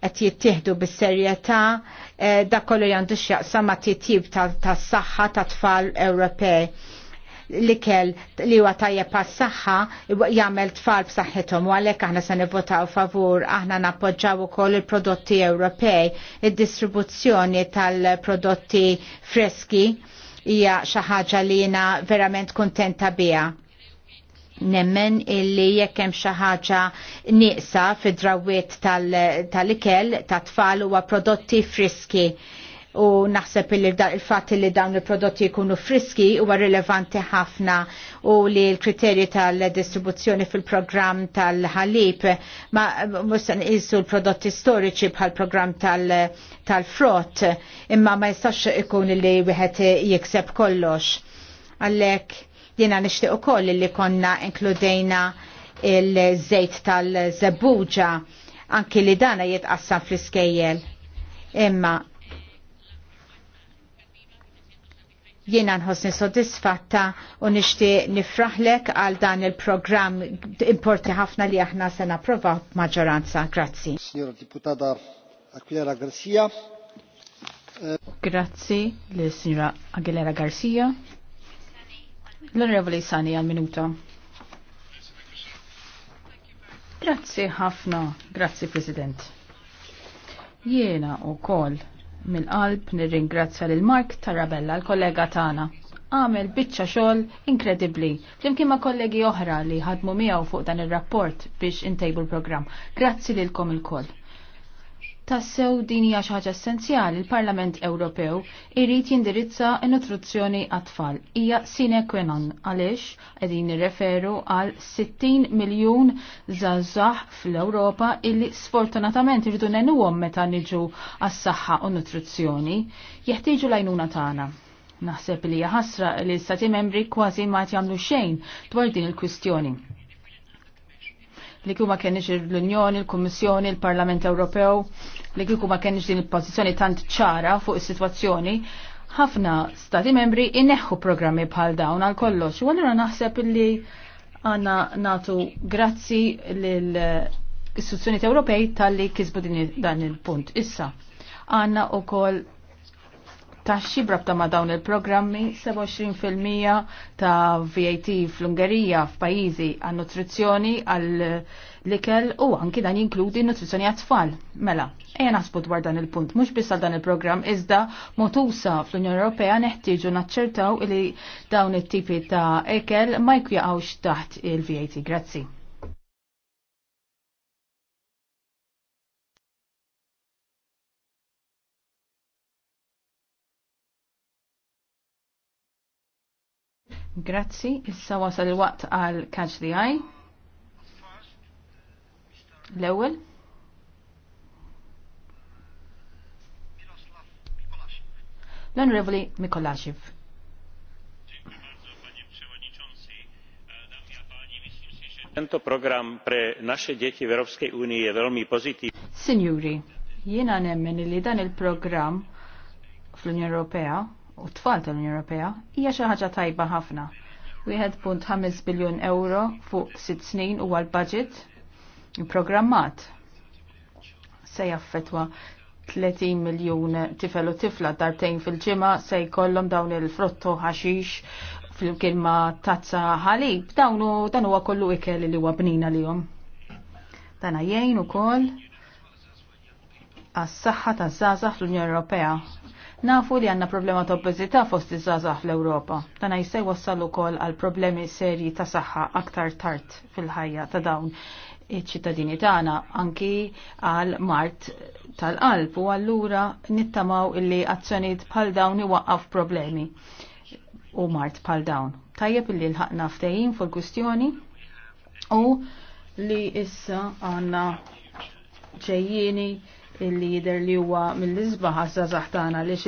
qed jittieħdu bis-serjetà eh, dak kollu li għandu x'jaqsam ma' titjib tas-saħħa ta' tfal Ewropej l-ikel li huwa tajjeb għas-saħħa jagħmel tfal b'saħħithom u għalhekk aħna se nivvotaw favur aħna nappoġġaw ukoll il-prodotti Ewropej, id-distribuzzjoni tal-prodotti freski hija xi ħaġa li jiena verament kuntenta biha nemmen illi jekk hemm xi ħaġa nieqsa fid-drawwiet tal-ikel tat-tfal huwa prodotti friski u naħseb il-fatt li dawn il-prodotti jkunu friski huwa rilevanti ħafna u li l-kriterji tal-distribuzzjoni fil-programm tal-ħalib ma mustan jissu l-prodotti storiċi bħal programm tal-frott imma ma jistax ikun li wieħed jikseb kollox. Għallek jiena nixtieq ukoll li konna inkludejna il-żejt tal-żebbuġa anki li dana jitqassam fl-iskejjel. Imma Jiena nħossni sodisfatta u nixtieq nifraħlek għal dan il-programm importi ħafna li aħna se napprova maġġoranza. Grazzi. Signora Diputata Aguilera Garcia. Grazzi li signora Aguilera Garcia. L-Onorevoli Sani għal minuta. Grazzi ħafna, grazzi President. Jiena u koll mill-qalb nirringrazzja lil Mark Tarabella, l-kollega tagħna. Għamel biċċa xogħol inkredibbli. Flimkien ma' kollegi oħra li ħadmu miegħu fuq dan ir-rapport biex intejbu l-programm. Grazzi lilkom ilkoll. Tassew din hija xi ħaġa essenzjali l-Parlament Ewropew irid jindirizza n-nutrizzjoni għat-tfal. Hija sine qua non għaliex qegħdin nirreferu għal 60 miljun żgħażagħ fl-Ewropa illi sfortunatament irridu nenuhom meta niġu għas-saħħa u nutrizzjoni jeħtieġu l-għajnuna tagħna. Naħseb li ħasra li stati membri kważi ma jagħmlu xejn dwar din il-kwistjoni li kiku ma kienx l-Unjoni, l-Kummissjoni, l-Parlament Ewropew, li kiku ma kienx din il-pozizjoni tant ċara fuq is-sitwazzjoni, ħafna stati membri inneħħu programmi bħal dawn għal kollox. U għallura naħseb li għanna natu grazzi l-istituzzjoni Ewropej tal-li kisbu dan il-punt. Issa, għanna u koll taxxi ta' ma' dawn il-programmi 27% ta' VAT fl-Ungerija f'pajjiżi għan nutrizzjoni għal likel ikel u anki dan jinkludi nutrizzjoni għat-tfal. Mela, ejja naħsbu dwar dan il-punt, mhux biss għal dan il-programm iżda motusa fl-Unjoni Ewropea neħtieġu naċċertaw li dawn it-tipi ta' ekel ma jkwjaqgħux taħt il-VAT. Grazzi. Grazzi, issa wasal il-waqt għal Catch the Eye. l ewel L-Onorevoli Mikolaxiv. Tento program pre naše deti v Európskej únii je velmi pozitívny. Signori, jiena nemmen li dan il-program fl unjon Europea u tfal tal-Unjoni Ewropea hija xi ħaġa tajba ħafna. 1.5 biljun euro fuq 6 snin huwa l-budget programmat se jaffetwa 30 miljun tifel u tifla dartejn fil-ġimgħa se jkollhom dawn il-frotto ħaxix fil-kien ma' tazza ħalib dawnu dan huwa kollu ikel li huwa bnina lihom. Dan jgħin ukoll għas-saħħa taż-żgħażagħ fl-Unjoni Ewropea Nafu li għanna problema ta' obbeżità fost iż-żgħażagħ fl-Ewropa. Dan jista' jwassal ukoll għal problemi serji ta' saħħa aktar tard fil-ħajja ta' dawn iċ-ċittadini tagħna anki għal mart tal-qalb u allura nittamaw illi azzjonijiet bħal dawn iwaqqaf problemi u mart bħal dawn. Tajjeb illi l-ħakna ftehim fil kwistjoni u li issa għanna ġejjini il-lider li huwa mill-izbaħ għaż tana tagħna li iż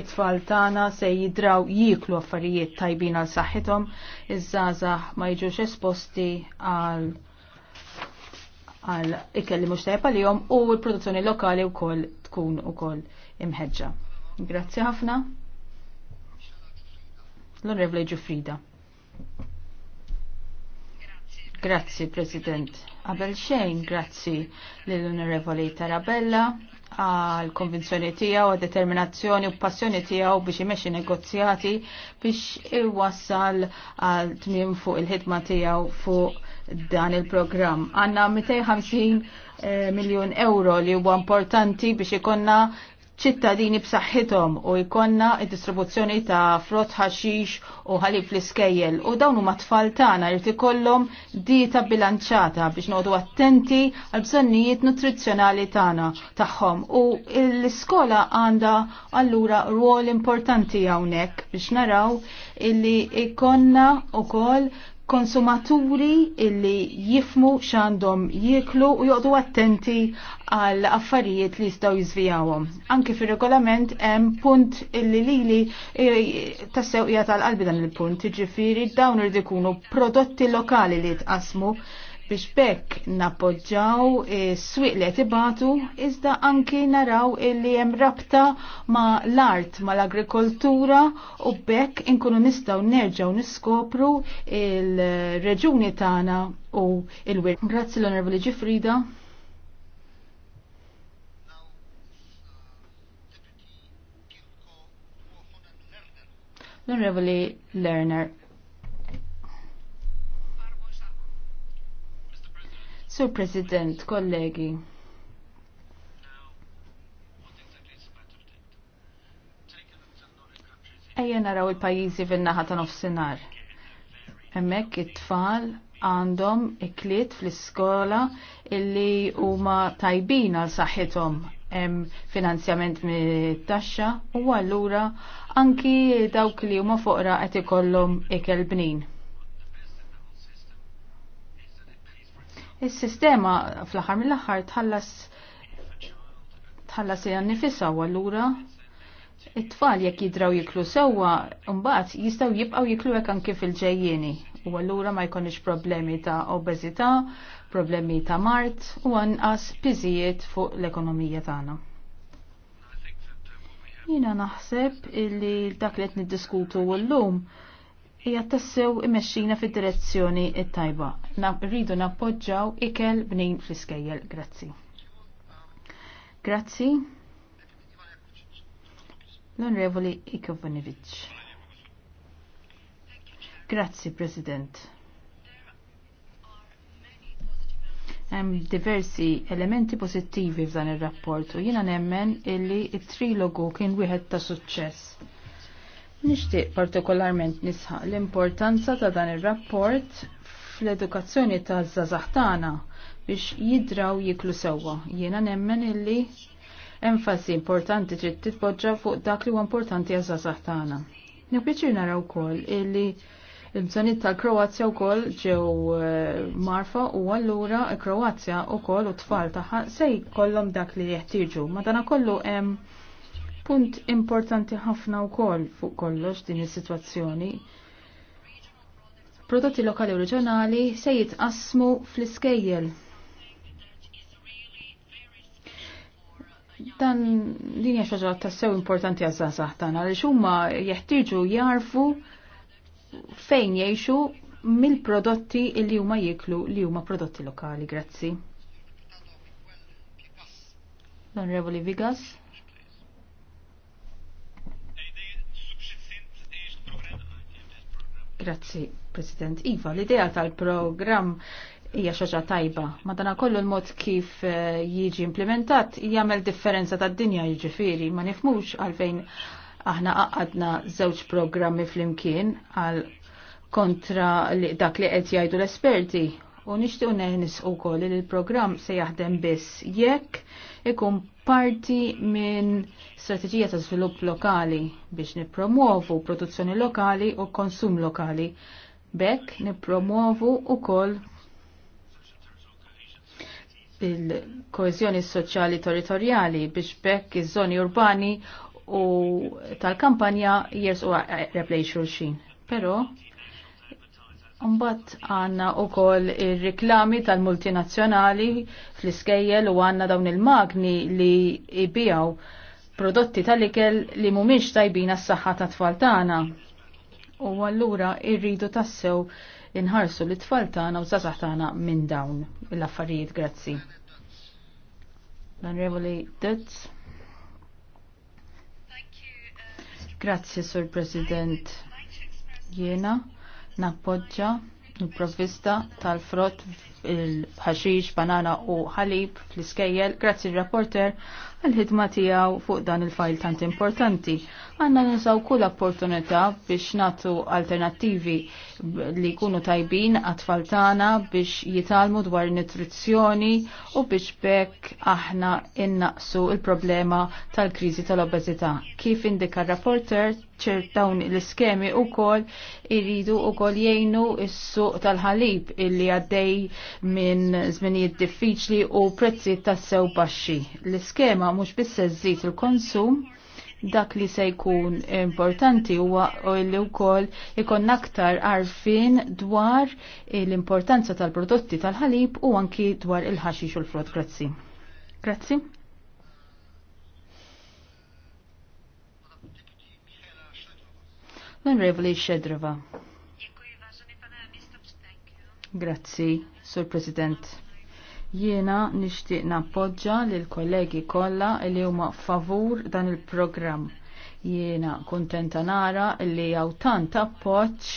it-tfal tagħna se jidraw jiklu affarijiet tajbin għal saħħithom, iż-żazax ma jiġux esposti għal għal ikelli mhux li jom u l-produzzjoni lokali wkoll tkun ukoll imħeġġa. Grazzi ħafna. L-Onorevole Ġufrida. Grazzi, President. Qabel xejn, grazzi lill unorevoli Tarabella għal konvinzjoni tiegħu, għal determinazzjoni u passjoni tiegħu biex imexxi negozjati biex iwassal għal tmiem fuq il-ħidma tiegħu fuq dan il-programm. Għanna 250 eh, miljon euro li huwa importanti biex ikonna ċittadini b'saħħithom u jkollna id-distribuzzjoni ta' frott ħaxix u ħalib fl-iskejjel u dawn huma tfal tagħna jrid ikollhom dieta bilanċata biex noqogħdu attenti għal bżonnijiet nutrizzjonali tagħna tagħhom u l-iskola għandha allura rwol importanti hawnhekk biex naraw illi ikonna wkoll konsumaturi illi jifmu x'għandhom jiklu u joqdu attenti għal affarijiet li jistgħu jizvijawom. Anki fir-regolament hemm punt illi lili eh, tassew hija tal-qalbi dan il-punt, jiġifieri dawn irid ikunu prodotti lokali li tqasmu biex bekk napoġġaw is-swieq li qed ibatu iżda anki naraw illi hemm rabta ma' l-art ma' l-agrikoltura u bekk inkunu nistgħu nerġgħu niskopru il-reġuni tagħna u il-wirt. Grazzi l-Onorevoli Ġifrida. L-Onorevoli Lerner. Sur President, kollegi. Ejja naraw il-pajizi fin naħa ta' nofsinar. Emmek it-tfal għandhom ikliet fl-iskola illi huma tajbin għal saħħithom hemm finanzjament mit-taxxa u allura anki dawk li huma foqra qed ikollhom ikel bnin. Is-sistema fl-aħħar mill-aħħar tħallas tħallas jgħan nifissa u allura it-tfal jekk jidraw jiklu sewwa mbagħad jistgħu jibqgħu jiklu hekk anki fil-ġejjieni u allura ma jkunx problemi ta' obeżità, problemi ta' mart u anqas piżijiet fuq l-ekonomija tagħna. Jiena naħseb illi dak li qed niddiskutu llum hija tassew imexxina fid-direzzjoni tajba. Rridu nappoġġaw ikel bnin fl-iskejjel. Grazzi. Grazzi. l onrevoli Ikovanovic. Grazzi, President. hemm diversi elementi pożittivi f'dan ir-rapport u jiena nemmen illi t trilogu kien wieħed ta' suċċess. Nixtieq partikolarment nisħaq l-importanza ta' dan ir-rapport fl-edukazzjoni ta' zazahtana biex jidraw jiklu sewwa. Jiena nemmen illi enfasi importanti trid titpoġġa fuq dak li huwa importanti għaż zazahtana. Nibbiċir naraw wkoll illi l-bżonit tal-Kroazja u kol ġew eh, marfa u għallura Kroazja u kol u tfal taħħa sej kollom dak li jeħtieġu. Madana kollu hemm Punt importanti ħafna wkoll fuq kollox din is-sitwazzjoni. Prodotti lokali u reġjonali se jitqasmu fl-iskejjel dan din hija xaġa tassew importanti għaż żgħażagħ tagħna għaliex huma jeħtieġu jarfu fejn jgħixu mill-prodotti li huma jiklu li huma prodotti lokali. Grazzi. L-Onorevoli Vigas. Grazzi, President. Iva, l-idea tal-program hija xaġa tajba. Madana kollu l-mod kif eh, jiġi implementat jagħmel differenza tad-dinja jiġifieri ma nifmux għalfejn aħna qaqadna żewġ programmi flimkien għal kontra dak li qed jgħidu l-esperti u nishtiq neħnis ukoll li l-programm se jaħdem biss jekk ikun parti minn strateġija ta' svilupp lokali biex nipromovu produzzjoni lokali u konsum lokali. Bekk u ukoll il-koezjoni soċjali territorjali biex bekk iż-żoni urbani u tal-kampanja jersu replej xulxin. Pero, Mbatt għanna u koll il-reklami tal-multinazzjonali fl-iskejjel u għanna dawn il-magni li jibijaw prodotti tal-ikel li mumiex tajbina s-saxħa ta' tfal tagħna. U allura irridu tassew inħarsu li tfal tagħna u żażaħ tagħna minn dawn l-affarijiet grazzi. L-Onorevoli Dutz. Grazzi, Sur President. Jena nappoġġa l provvista tal-frott il-ħaxix, banana u ħalib fl-iskejjel, grazzi il-rapporter għal-ħidma tijaw fuq dan il-fajl tant importanti. Għanna nisaw kull opportunità biex natu alternativi li kunu tajbin għatfaltana biex jitalmu dwar nutrizzjoni u biex bekk aħna innaqsu il-problema tal-krizi tal-obezita. Kif indika rapporter ċertawn l-iskemi u kol irridu u kol jgħinu s-suq tal-ħalib illi għaddej minn żminijiet diffiċli u prezzi tassew baxxi. L-iskema mhux biss żżid il-konsum dak li se jkun importanti huwa li wkoll ikon aktar arfin dwar l-importanza tal-prodotti tal-ħalib u anki dwar il-ħaxix u l-frott. Grazzi. Grazzi. l-Onorevoli Xedrova. Grazzi, Sur President. Jiena nixtieq nappoġġa lil kollegi kollha li huma favur dan il-programm. Jiena kuntenta nara li hawn tant appoġġ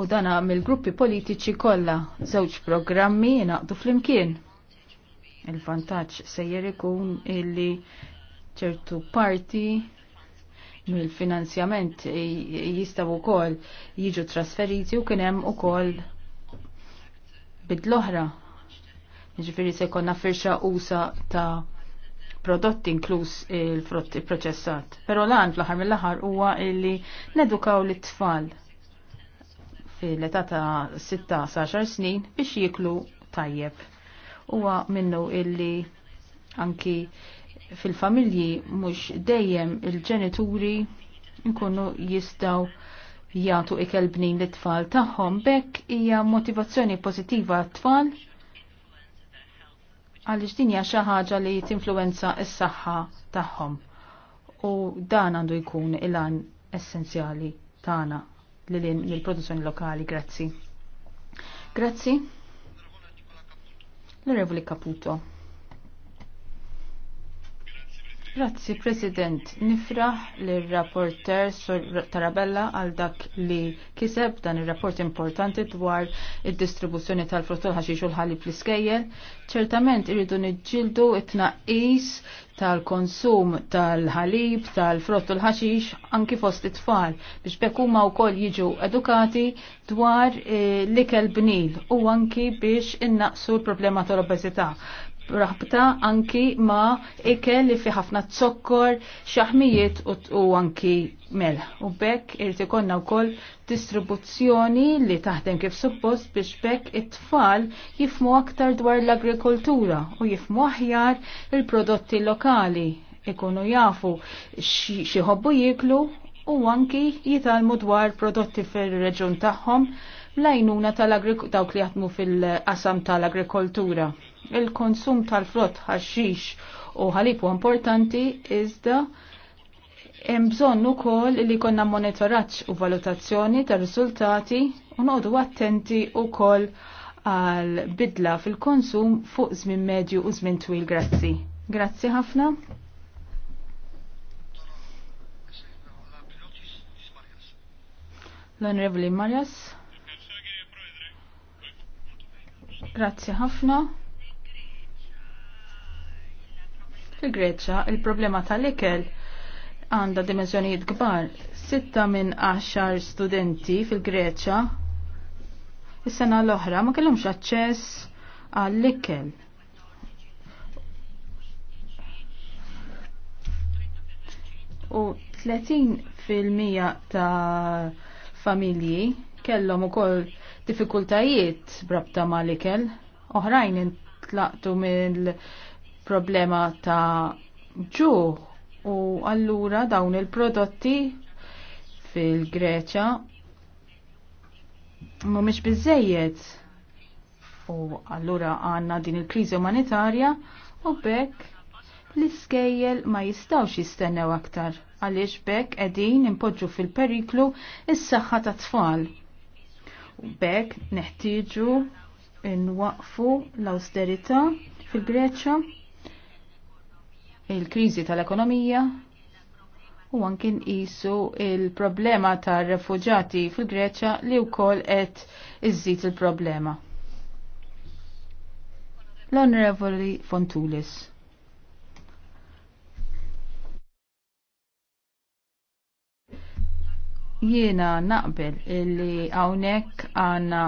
u dan mill-gruppi politiċi kollha żewġ programmi jingħaqdu flimkien. Il-vantaġġ sejjer ikun illi ċertu parti mill-finanzjament jistgħu wkoll jiġu trasferiti u kien hemm ukoll bidl-oħra. Ġifiri se konna firxa usa ta' prodotti inkluż il-frotti proċessat. Pero għan fl ħar mill ħar huwa illi nedukaw l-tfal fil-età ta' 16 snin biex jiklu tajjeb. Huwa minnu illi anki fil-familji mhux dejjem il-ġenituri nkunu jistaw jgħatu ikel bnin l tfal tagħhom bekk hija motivazzjoni pożittiva għat-tfal għaliex din hija xi ħaġa li tinfluwenza s-saħħa tagħhom. U dan għandu jkun il-għan essenzjali tagħna lill-produzzjoni lokali. Grazzi. Grazzi. L-Revoli Caputo. Grazzi President, nifraħ li rapporter Tarabella għal dak li kiseb dan il-rapport importanti dwar il-distribuzzjoni tal frutul ħaxix u l-ħalib pliskejjel. iskejjel ċertament irridu nġildu it-naqis tal-konsum tal-ħalib, tal-frottu l-ħaxix, anki fost it-tfal, biex bekuma u koll jiġu edukati dwar e, l-ikel bnil u anki biex innaqsu l-problema tal obesita rabta anki ma ikel li fi ħafna zokkor, xaħmijiet u anki mel. U bekk irti konna u koll distribuzzjoni li taħdem kif suppost biex bekk it-tfal jifmu aktar dwar l-agrikoltura u jifmu aħjar il-prodotti lokali ikunu jafu xieħobbu jiklu u anki jitalmu dwar prodotti fil-reġun tagħhom lajnuna tal-agrikoltura dawk li jaħdmu fil-qasam tal-agrikoltura. Il-konsum tal-frott ħaxix u ħalipu importanti iżda hemm bżonn ukoll li konna monitoraċ u valutazzjoni tar-riżultati u noqogħdu attenti kol għal bidla fil-konsum fuq żmien medju u żmien twil. Grazzi. Grazzi ħafna. L-Onorevoli Marjas. Grazzi ħafna. Fil-Greċja il-problema tal-ikel għandha dimensjonijiet kbar. Sitta minn 10 studenti fil-Greċja is-sena l-oħra ma kellhomx aċċess għall-ikel. U 30% ta' familji kellhom ukoll difikultajiet brabta mal-ikel. Oħrajn intlaqtu mill problema ta' ġuħ u allura dawn il-prodotti fil-Greċja mhumiex biżejjed u allura għanna din il-kriżi umanitarja u bekk l-iskejjel ma jistawx jistennew aktar għaliex bekk edin impoġġu fil-periklu is-saħħa ta' tfal. U bekk neħtieġu nwaqfu l-austerità fil-Greċja il-kriżi tal-ekonomija u anki nqisu il-problema tar-refuġati fil-Greċja li wkoll qed iżżid il-problema. L-Onorevoli Fontulis. Jiena naqbel li hawnhekk għandna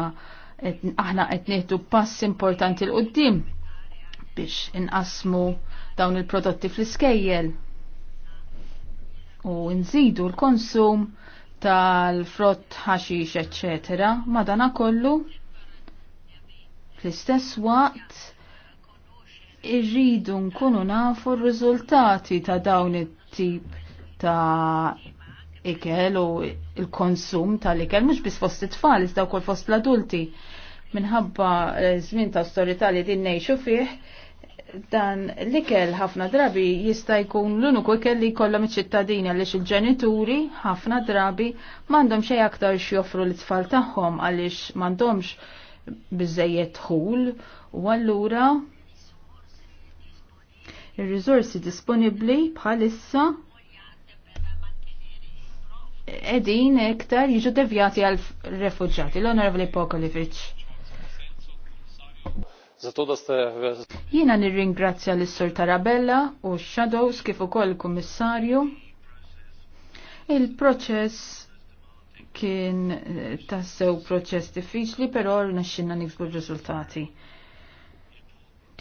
aħna qed nieħdu pass importanti l-qudiem biex inqasmu dawn il-prodotti fl-iskejjel u nżidu l-konsum tal-frott ħaxix, etc. Madana kollu fl-istess waqt irridu nkunu nafu r-riżultati ta' dawn it-tip ta' ikel u il-konsum tal-ikel, mux bis fost it-tfal, iżda kol fost l-adulti minħabba eh, żmien ta' storita li din nejxu fih, dan l-ikel ħafna drabi jista' jkun l-uniku ikel li jkollhom iċ-ċittadini għaliex il-ġenituri ħafna drabi m'għandhom xejn aktar x'joffru l-itfal tagħhom għaliex m'għandhomx biżejjed ħul u allura ir-riżorsi disponibbli bħalissa edin iktar jiġu devjati għal refugġati. L-Onorevoli Pokolivich. Jiena nirringrazzja l-Sur Tarabella u Shadows kif ukoll il-Kummissarju. Il-proċess kien eh, tassew proċess diffiċli, però rnexxinna niksbu r-riżultati.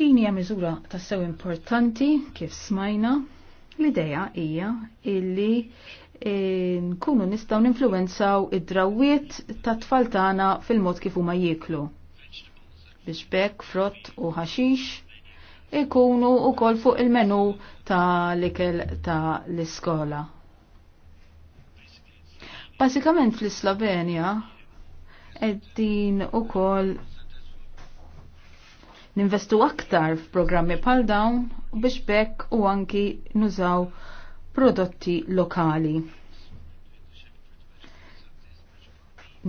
Din hija miżura tassew importanti kif smajna. L-idea hija illi eh, nkunu nistgħu ninfluwenzaw id-drawiet tat-tfal tagħna fil-mod kif huma jieklu biex bekk, frott u ħaxix ikunu u kol fuq il-menu ta' l-ikel ta' l-iskola. Basikament fl-Slovenja, eddin u kol ninvestu aktar f'programmi pal dawn biex bekk u anki nużaw prodotti lokali.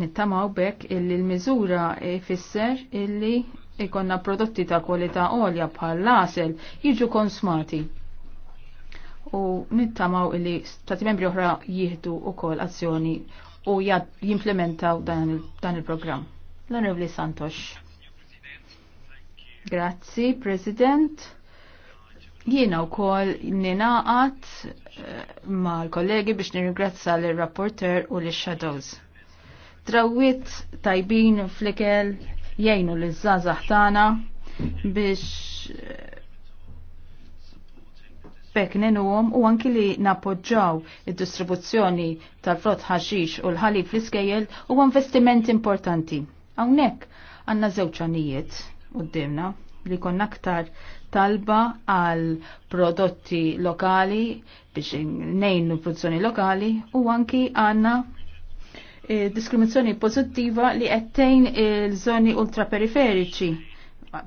nittamaw bekk illi l-miżura ifisser illi ikonna prodotti ta' kwalità olja bħal lasel jiġu konsmati. U nittamaw illi stati membri oħra jieħdu kol azzjoni u jimplementaw dan il-programm. Il programm l onorevoli Santos. Grazzi, President. Jiena u kol ninaqat eh, ma' l-kollegi biex nirringrazza l-rapporter u l-shadows. Trawit tajbin flikel jgħinu l żazax tagħna biex eh, bekk nenuhom u anki li napoġġaw id-distribuzzjoni tal-frott ħaxix u l ħali fl-iskejjel u investiment importanti. Hawnhekk għandna żewġ għanijiet quddiemna li konna aktar talba għal prodotti lokali biex nejnu produzzjoni lokali u anki għanna Eh, diskriminazzjoni pozittiva li għettejn il-żoni ultraperiferiċi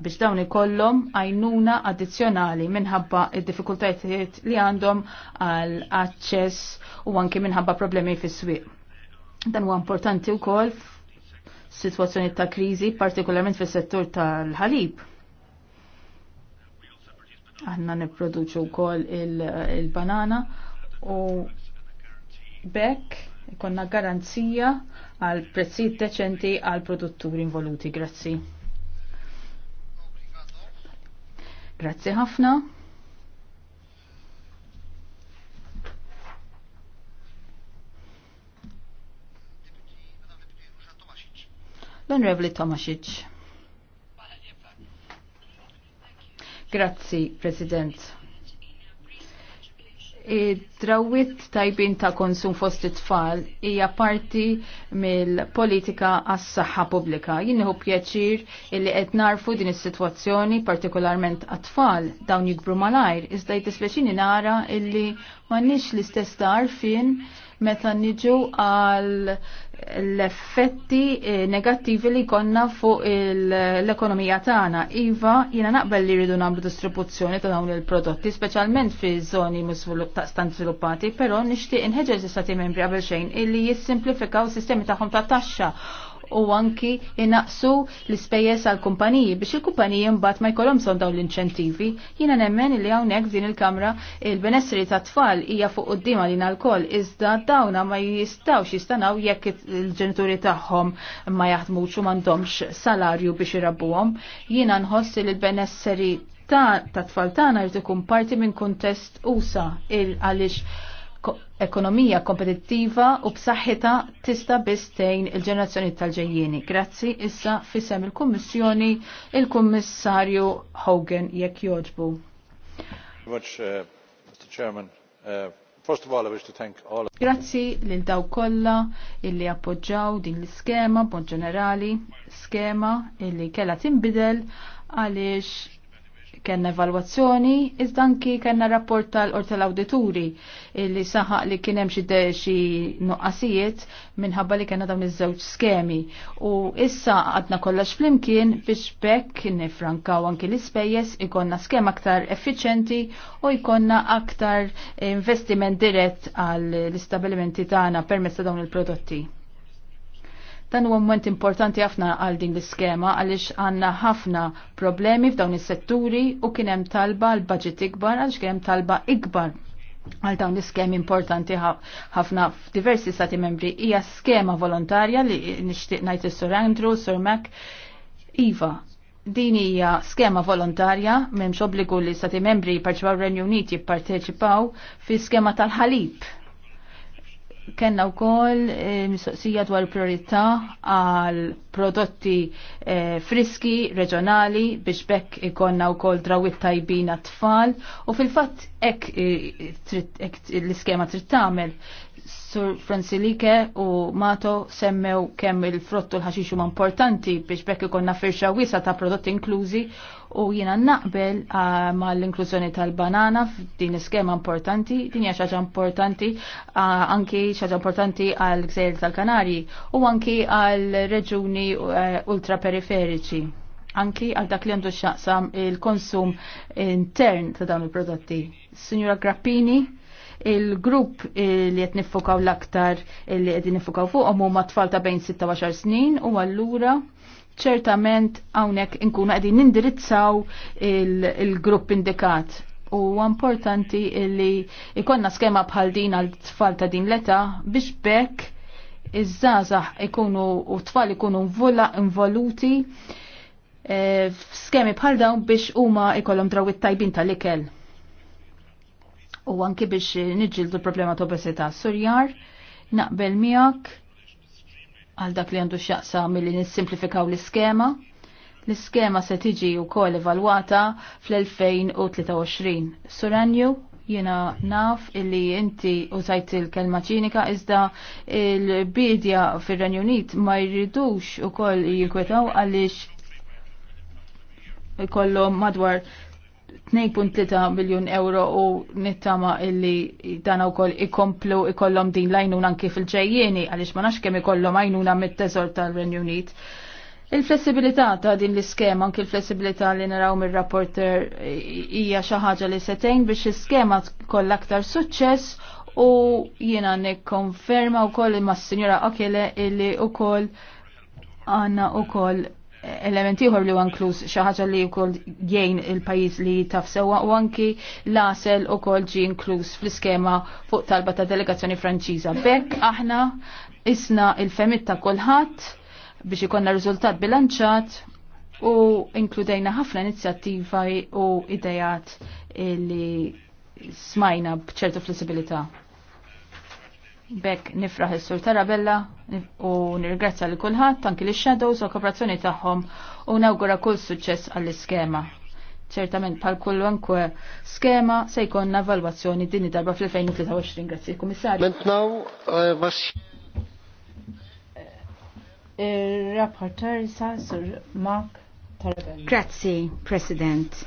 biex dawn ikollhom għajnuna addizzjonali minħabba id-diffikultajiet li għandhom għal aċċess u anke minħabba problemi fis-swieq. Dan huwa importanti wkoll f'sitwazzjoni ta' kriżi, partikolarment fis-settur tal-ħalib. Aħna nipproduċu wkoll il-banana u bekk ikonna garanzija għal prezzijiet deċenti għal produtturi involuti. Grazzi. Grazzi ħafna. L-Onorevoli Tomasic. Grazzi, President. Drawit tajbin ta' konsum fost it-tfal hija parti mill-politika għas-saħħa pubblika. Jien nieħu pjaċir illi qed narfu din is-sitwazzjoni partikolarment għat-tfal dawn jikbru malajr, iżda jtisleċini nara illi m'għandniex l-istess tarfin fin meta niġu għal l-effetti eh, negattivi li konna fuq l-ekonomija tagħna. Iva, jiena naqbel li rridu nagħmlu distribuzzjoni ta' dawn il-prodotti, speċjalment fi żoni stant sviluppati, però nixtieq inħeġġeġ l-istati membri qabel xejn illi jissimplifikaw sistemi tagħhom ta' taxxa u anki jinaqsu l-ispejjeż għal kumpaniji biex il-kumpaniji mbagħad ma jkollhomshom dawn l-inċentivi. Jiena nemmen li hawnhekk din il-kamra il-benessri ta' tfal hija fuq quddiem għalina l-koll iżda dawna ma jistgħux jistanaw jekk il-ġenituri tagħhom ma jaħdmux u m'għandhomx salarju biex irabbuhom. Jiena nħoss li l-benessri ta' tfal tagħna jrid ikun parti minn kuntest usa il għaliex ekonomija kompetittiva u b'saħħitha tista' biss tgħin il-ġenerazzjoni tal-ġejjieni. Grazzi issa fisem il-Kummissjoni il-Kummissarju Hogan jekk jogħġbu. Uh, uh, Grazzi lil daw kollha illi appoġġaw din l-iskema b'mod ġenerali, skema illi kellha tinbidel għaliex kena evalwazzjoni, iżda anki kena rapport tal qorta tal-awdituri li saħaq li kien hemm xi nuqqasijiet minħabba li kena dawn iż-żewġ skemi. U issa għadna kollox flimkien biex bekk nifrankaw anki l-ispejjeż ikonna skema aktar effiċenti u jkonna aktar investiment dirett għall istabilimenti tagħna permezz ta' dawn il-prodotti. Dan huwa moment importanti ħafna għal din l-iskema għaliex għandna ħafna problemi f'dawn is-setturi u kien hemm talba l budget ikbar għaliex kien hemm talba ikbar għal dawn l-iskemi importanti ħafna f'diversi stati membri. Hija skema volontarja li nixtieq ngħid is-Sur Andrew, Sur Mac. Iva, din hija skema volontarja m'hemmx obbligu li stati membri jipparċipaw Renju Uniti jipparteċipaw fi skema tal-ħalib Kenna u kol eh, mistoqsija dwar priorità għal prodotti eh, friski, reġjonali, biex bekk ikonna u kol drawit tajbin għat-tfal u fil-fat ek eh, l-iskema trid tagħmel Sur Franzilike u Mato semmew kemm il-frottu l-ħaxix huma importanti biex bekk ikonna firxa wisa ta' prodotti inklużi u jiena naqbel ah, ma' l-inklużjoni tal-banana f'din iskema importanti, din hija xaġa importanti ah, anki xaġa importanti għal gżejjer tal-Kanarji u anki għal reġuni eh, ultraperiferiċi anki għal dak li għandu xaqsam il-konsum intern ta' dawn il-prodotti. Signora Grappini, Il-grupp eh, li qed niffokaw l-aktar eh, li qegħdin niffokaw fuqhom huma tfal ta' bejn 16 snin u allura ċertament hawnhekk inkunu qegħdin nindirizzaw il-grupp indikat. U importanti li ikonna skema bħal din għal tfal ta' din l-età biex bekk iż-żazax ikunu u tfal ikunu involuti eh, f'skemi bħal dawn biex huma ikollhom drawit tajbin tal-ikel u anki biex nġildu l-problema ta' obesità. Surjar, naqbel miegħek għal dak li għandu xaqsa milli nissimplifikaw l-iskema. L-iskema se tiġi wkoll evalwata fl-2023. Suranju, jena naf illi inti użajt il-kelma ċinika iżda il-bidja fir renju Unit ma jridux u kol jirkwetaw għalix kollu madwar 2.3 miljon euro u nittama illi dan u koll ikomplu ikollom din lajnun anki fil-ġejjeni għalix ma nafx kemm ikollom għajnuna mit-teżor tal-Renju Unit. Il-flessibilità ta' din l-iskema, anki l-flessibilità li naraw mir-rapporter hija xi ħaġa li setejn biex l-iskema tkollha aktar suċċess u jiena nikkonferma wkoll ma' s-Sinjora Akele illi wkoll għandna wkoll element ieħor li wankluż xi ħaġa li wkoll jgħin il-pajjiż li taf sewwa u anki l-asel ukoll ġie inkluż fl-iskema fuq talba ta' delegazzjoni Franċiża. Bekk aħna isna il-femit ta' kulħadd biex ikonna riżultat bilanċat u inkludejna ħafna inizjattiva u idejat li smajna bċertu flessibilità. Bekk nifraħ is-Sur Tarabella u nirgrazzja li kulħadd anki li shadows u kooperazzjoni tagħhom u nawgura kull suċċess għall-iskema. Ċertament bħal kullu anke skema se jkollna valwazzjoni din darba fl-2023. Grazzi Kummissarju. Eh, eh, il-rapporter sa' Sur Mark Tarabella. Grazzi, President.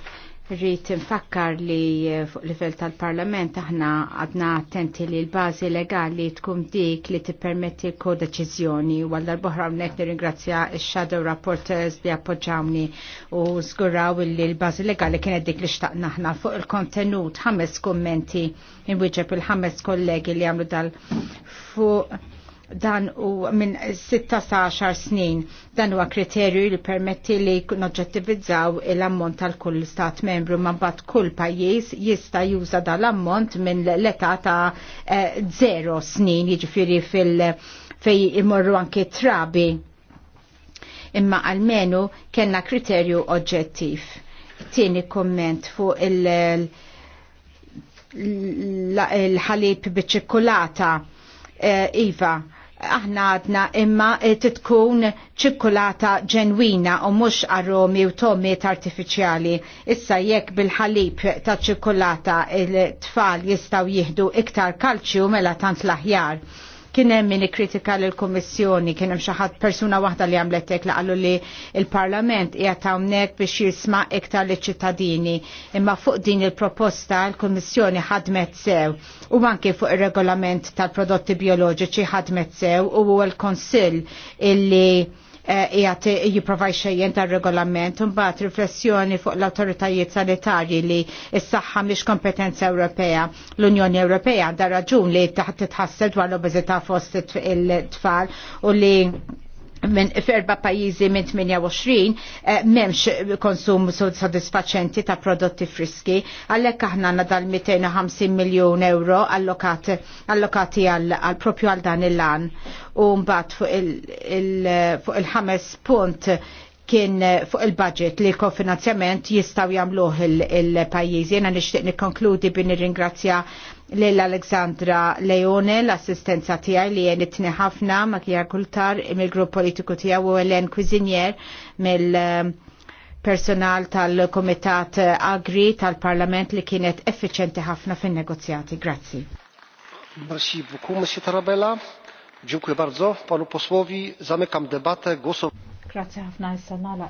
Rrit nfakkar li fuq livell tal-Parlament aħna għadna attenti li l-bazi legali tkun dik li tippermetti kodeċiżjoni. u għal boħra unnek nirringrazzja il-Shadow Rapporters li appoġġawni u zguraw li l-bazi legali kienet dik li xtaqna aħna fuq il-kontenut ħames kommenti inwiġeb il-ħames kollegi li għamlu dal fuq dan u minn 16 snin. Dan huwa kriterju li permetti li noġġettivizzaw l-ammont tal-kull stat membru ma mbagħad kull pajjiż jista' juża dan l-ammont minn l-età ta' 0 eh, snin, jiġifieri fil fej imorru anke trabi. Imma għalmenu kellna kriterju oġġettiv. Tieni komment fuq il-ħalib biċ-ċikkulata. Eh, iva, aħna għadna imma eh, titkun ċirkulata ġenwina u mux arromi u tomiet artificiali. Issa jekk bil-ħalib ta' ċirkulata il-tfal jistaw jihdu iktar kalċju mela tant laħjar. aħjar Kien hemm min ikkritika lill kummissjoni kien hemm xi ħadd persuna waħda li għamlet hekk li qalu li l-Parlament qiegħed hawnhekk biex jisma' iktar liċ-ċittadini. Imma fuq din il-proposta l-Kummissjoni ħadmet sew u anke fuq ir-regolament tal-prodotti bioloġiċi ħadmet sew u l-Konsill illi jgħat jiprovaj xejjen tar regolament un bat riflessjoni fuq l-autoritajiet sanitarji li s-saxħa miex kompetenza Ewropea. L-Unjoni Ewropea għandha raġun li taħt titħassel dwar l obezita fost il-tfal u li minn ferba pajizi minn 28 eh, memx konsum soddisfaċenti ta' prodotti friski għallek aħna nadal 250 miljon euro allokati għal propju għal dan il-lan u mbatt fuq il-ħames punt kien fuq il-budget li kofinanzjament jistaw jamluħ il-pajizi. Jena nishtiq nikonkludi bin ringrazzja l-Alexandra Leone, l-assistenza tijaj li jen itni ħafna ma kijar kultar mill-grupp politiku tijaj u Elen Cuisinier mill-personal tal-Komitat Agri tal-Parlament li kienet effiċenti ħafna fin negozjati Grazzi. Merci beaucoup, Monsieur Tarabella. Dziękuję bardzo panu posłowi. Zamykam debatę. Głosu. Grazie ħafna, issa nala.